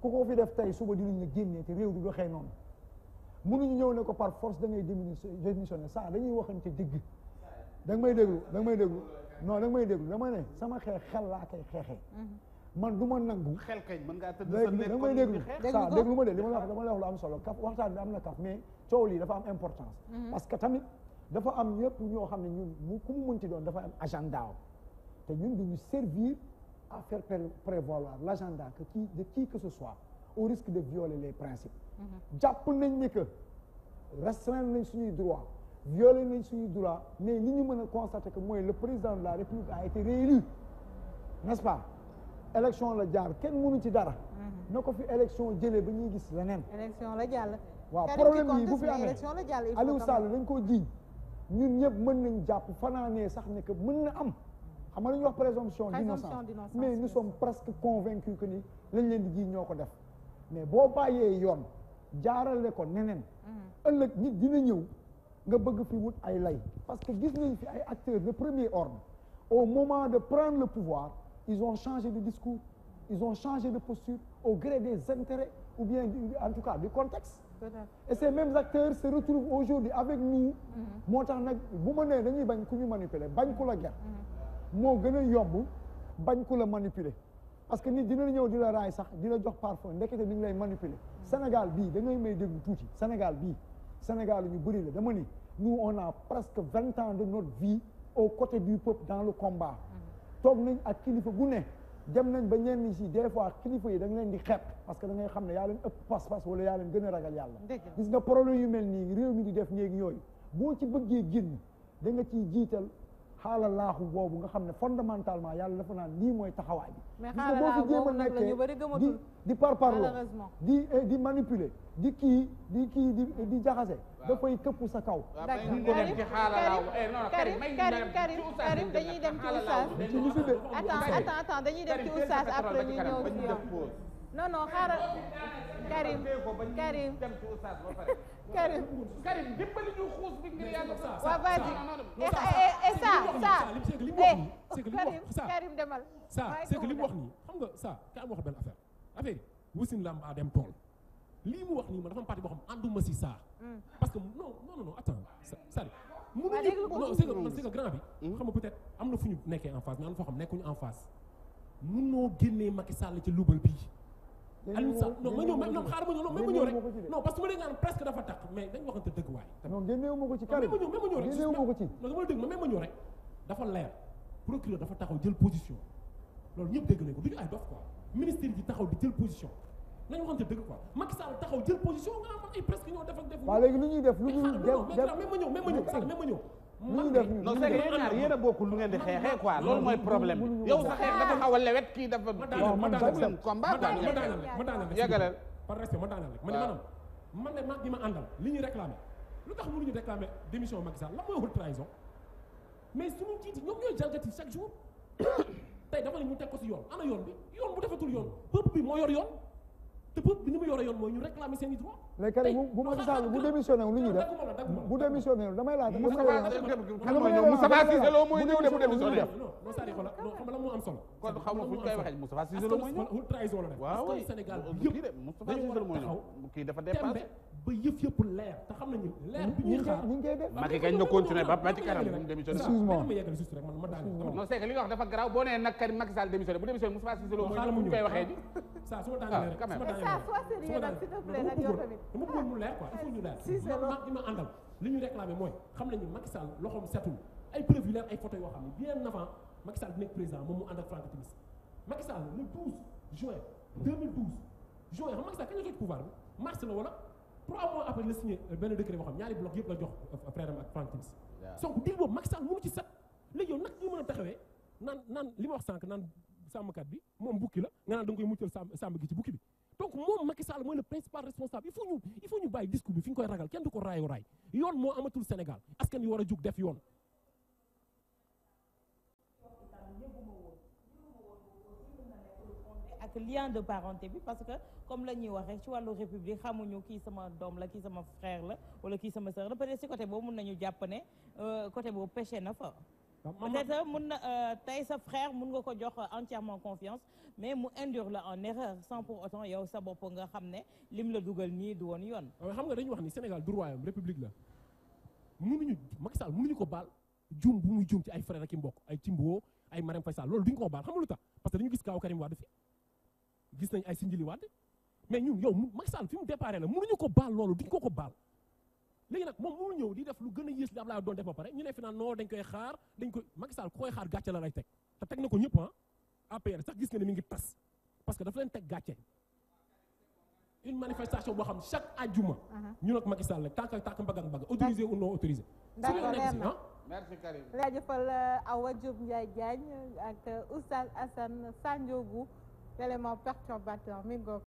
ku ko fi def tey suba dinañ la génnee te réew du doxee noonu mënuñu ñëw ne ko par force da ngay démissionné ça dañuy waxañ dëgg da danga may déglu danga may déglu non da nga may déglu dama ne sama xeex xel laa koy xeexee mhm. man du ma nangu. xel kañ mën ngaa tëdd sa nekk may déglu saa déglu ma de ma la wax dama la wax am solo kaf waxtaan bi am na kaf mais coow lii dafa am importance. Mhm. parce que tamit dafa am ñëpp ñoo xam ne ñu mu ku mu mën ci doon dafa am agenda te ñun duñu servir à faire prévaloir l' agenda de qui que ce soit au risque de violer les principes. Mhm. jàpp nañ ni que restreindre nañ suñuy droit violer nañ suñuy droit mais li ñu mën a constater que mooy le président de la république a été réélu n'est-ce pas. élection la jaar kenn mënu ci dara. Mhm. na ko fi élection jëlee ba ñuy gis leneen. élection la jàll. waaw problème yi bu fi amee Aliou Sall dañ koo jiiñ ñun ñëpp mën nañ jàpp fanaanee sax ne mën na am xam nga lu ñuy wax présomption d'innocence mais nous sommes presque convaincus que ni lañ leen di jiiñ ñoo ko def mais boo bàyyee yoon jaaral jaarale ko neneen mhm. ëllëg nit dina ñëw nga bëgg fi wut ay lay parce que gis nañ fi ay acteurs de premier ordre au moment de prendre le pouvoir ils ont changé de discours ils ont changé de posture au gré des intérêts ou bien en tout cas du contexte et ces mêmes acteurs se retrouvent aujourd'hui avec nous mm-hmm. moo tax nag bu ma nee dañuy bañ ku ñu manipuler bañ ku la ger mm-hmm. moo gën a yomb bañ ku la manipuler parce que nit dina ñëw di la raay sax di la jox parfum ndekete mi ngi lay manipuler mm-hmm. Sénégal bii da ngay may déglu tuuti Sénégal bii Sénégal ñu bëri la dama ni nous on a presque vingt ans de notre vie aux côtés du peuple le combat toog nañ ak kilifa gu ne dem nañ ba ñenn ñi si des fois kilifa yi da nga leen di xeeb parce que da xam ne yaa leen ëpp pas-pas wala yaa leen gën a ragal yàlla gis nga problème yu mel nii réew mi di def néegi yooyu boo ci bëggee génn da nga ciy jiital xaala laaxu boobu nga xam ne fondamentalement yàlla dafa naan lii mooy taxawaay bi. mais xaala laaxu boobu nag ma ñu bëri gëmatul di di parparlo di eh, di di kii di di di jaxase. dafay këpp sa kaw. Eh, Karim Karim Karim Karim dañuy dem ci oustaz. attends attends dañuy dem ci oustaz après ñu ñëw non non xaaral Karim Karim Karim Karim dimbali ñu xuus bi li mu wax nii xam nga ça ka am wax benn affaire affaire wasin la am dem tool lii mu wax nii man dafa am parti boo xam ànduma si ça parce que non non non attends ça mënuñu non c'est xam nga peut am na fu ñu nekkee en face mais am na foo xam nekkuñu en face mënoo génnee Macky Sall ci luubal bii Aliou Sall non ma ñëw ma xaar ma ñëw même ma ñëw rek non presque dafa tax mais dañ waxante dëgg waay non génneewu ma ma ñëw rek génneewu ma la dégg ma même ma ñëw rek dafa leer procureur dafa taxaw jël position loolu ñëpp dégg nañ ko du ñu ay dof quoi ministère bi taxaw jël position nañu waxante dëgg quoi Macky Sall taxaw jël position nga am ay presque ñoo def def waaw ma ñëw même ma ñëw man de non c'est que yéen ñaar yéen a bokkul lu ngeen di xeexee quoi loolu mooy problème bi yow sa xeex dafa xaw a lewet kii dafa. ma daanaka ma daanaka combat quoi ma daanaka ma daanaka yeggaleel par respect ma daanaka rek ma ne maanaam man de mag gi ma àndal li ñuy réclamé lu tax mënuñu réclamé démission Macky Sall la mooy haute trahison mais suñu njiit yi ñoom ñooy jalgati chaque jour tey dama ne ñu teg ko si yoon ana yoon bi yoon bu defatul yoon peuple bi moo yor yoon te peuple bi ni mu yore yoon mooy ñu réclamer seen i droit. mais Karim bu Macky Sall bu démissionné wu lu ñuy def bu démissionné wu damay laaj. Moustapha Cissé Lo mooy ñëw de bu démissionné. non c'est-à-dire xoolal non xam nga lan moo am solo. kon xam nga fu ñu koy waxee Moustapha Cissé Lo mooy ñëw trahison la def. waaw oui Sénégal yëpp Moustapha Cissé Lo mooy ñëw kii dafa dépassé. ba yëf yëpp leer te xam nañu leer bi ñuy xaar ñu ngi koy def Macky kañ na continuer ba ba ci kanam bu mu démissionné ma yeggal juste rek man ma daal non c'est que li nga wax dafa garaaw boo nee nag Karim Macky Sall démissionné bu démissionné Moustapha Cissé Lo mooy ñëw bu ñu koy waxee ji saa su ma daangalee ah, rek Moussa sois sérieux nag s'il ma àndal li ñu réclamé mooy xam nañu Macky Sall loxoom setul ay preuve yu yoo xam ne bien avant Macky Sall di nekk président moom mu ànd ak Franck Timis Macky Sall le 12 juin la wala trois mois après la signé euh, benn xam ñaari bloc yëpp la jox euh, frère am ak Franck Timis donc dil boobu Macky Sall mënu ci set léegi yow nag ñu mën a taxawee naan naan li ma wax sànq naan sàmmkat bi moom bukki la nga naan da nga koy muccal sàmm gi ci bukki bi donc moom Macky Sall mooy le principal responsable il faut ñu il faut ñu bàyyi discours bi fi ñu koy ragal kenn du ko raayu raay yoon moo amatul Sénégal askan wi war a jug def yoon. ak lien de parenté bi parce que comme la ñuy wax ci wàllu république xamuñu kii sama doom la kii sama frère la wala kii sama sœur la peut-être ci côté boobu mën nañu jàpp ne euh, côté boobu péché na fa. peut-être mun na euh, tey sa frère mun nga ko jox euh, entièrement confiance mais mu induire la en erreur sans pour autant yow sa bopp nga xam ne lim la dugal nii du woon yoon. Euh, xam nga dañuy wax ni Sénégal du royaume république la ñu mënuñu Macky Sall mënuñu ko baal juum bu muy juum ci ay frère ak i mbokk ay Timbo ay Marème Faye Sall loolu duñ ko baal xam nga lu tax parce que dañu gis kaw Karim Wade fi gis nañ ay Sindiély Wade mais ñun yow Macky Sall fi mu déparé la mënuñu ko baal loolu duñ ko ko baal. léegi nag moom mënul ñëw di def lu gën a yées li Abdoulaye doon def ba pare ñu ne fi naan non dañ koy xaar dañ koy Macky Sall ku koy xaar gàcce la lay teg te teg na ko ñëpp ah APR sax gis nga ne mi ngi tas parce que dafa leen teg gàcce une manifestation boo xam chaque ajjuma ñu nag Macky Sall tànk tànk mbagg ak mbagg autorisé ou non autorisé d'accord ah. merci Karim jaajëfal euh, Awa Diop Ndiaye Diagne ak euh, Oustaz Assane Sandiogou l'élément perturbateur mi ngoog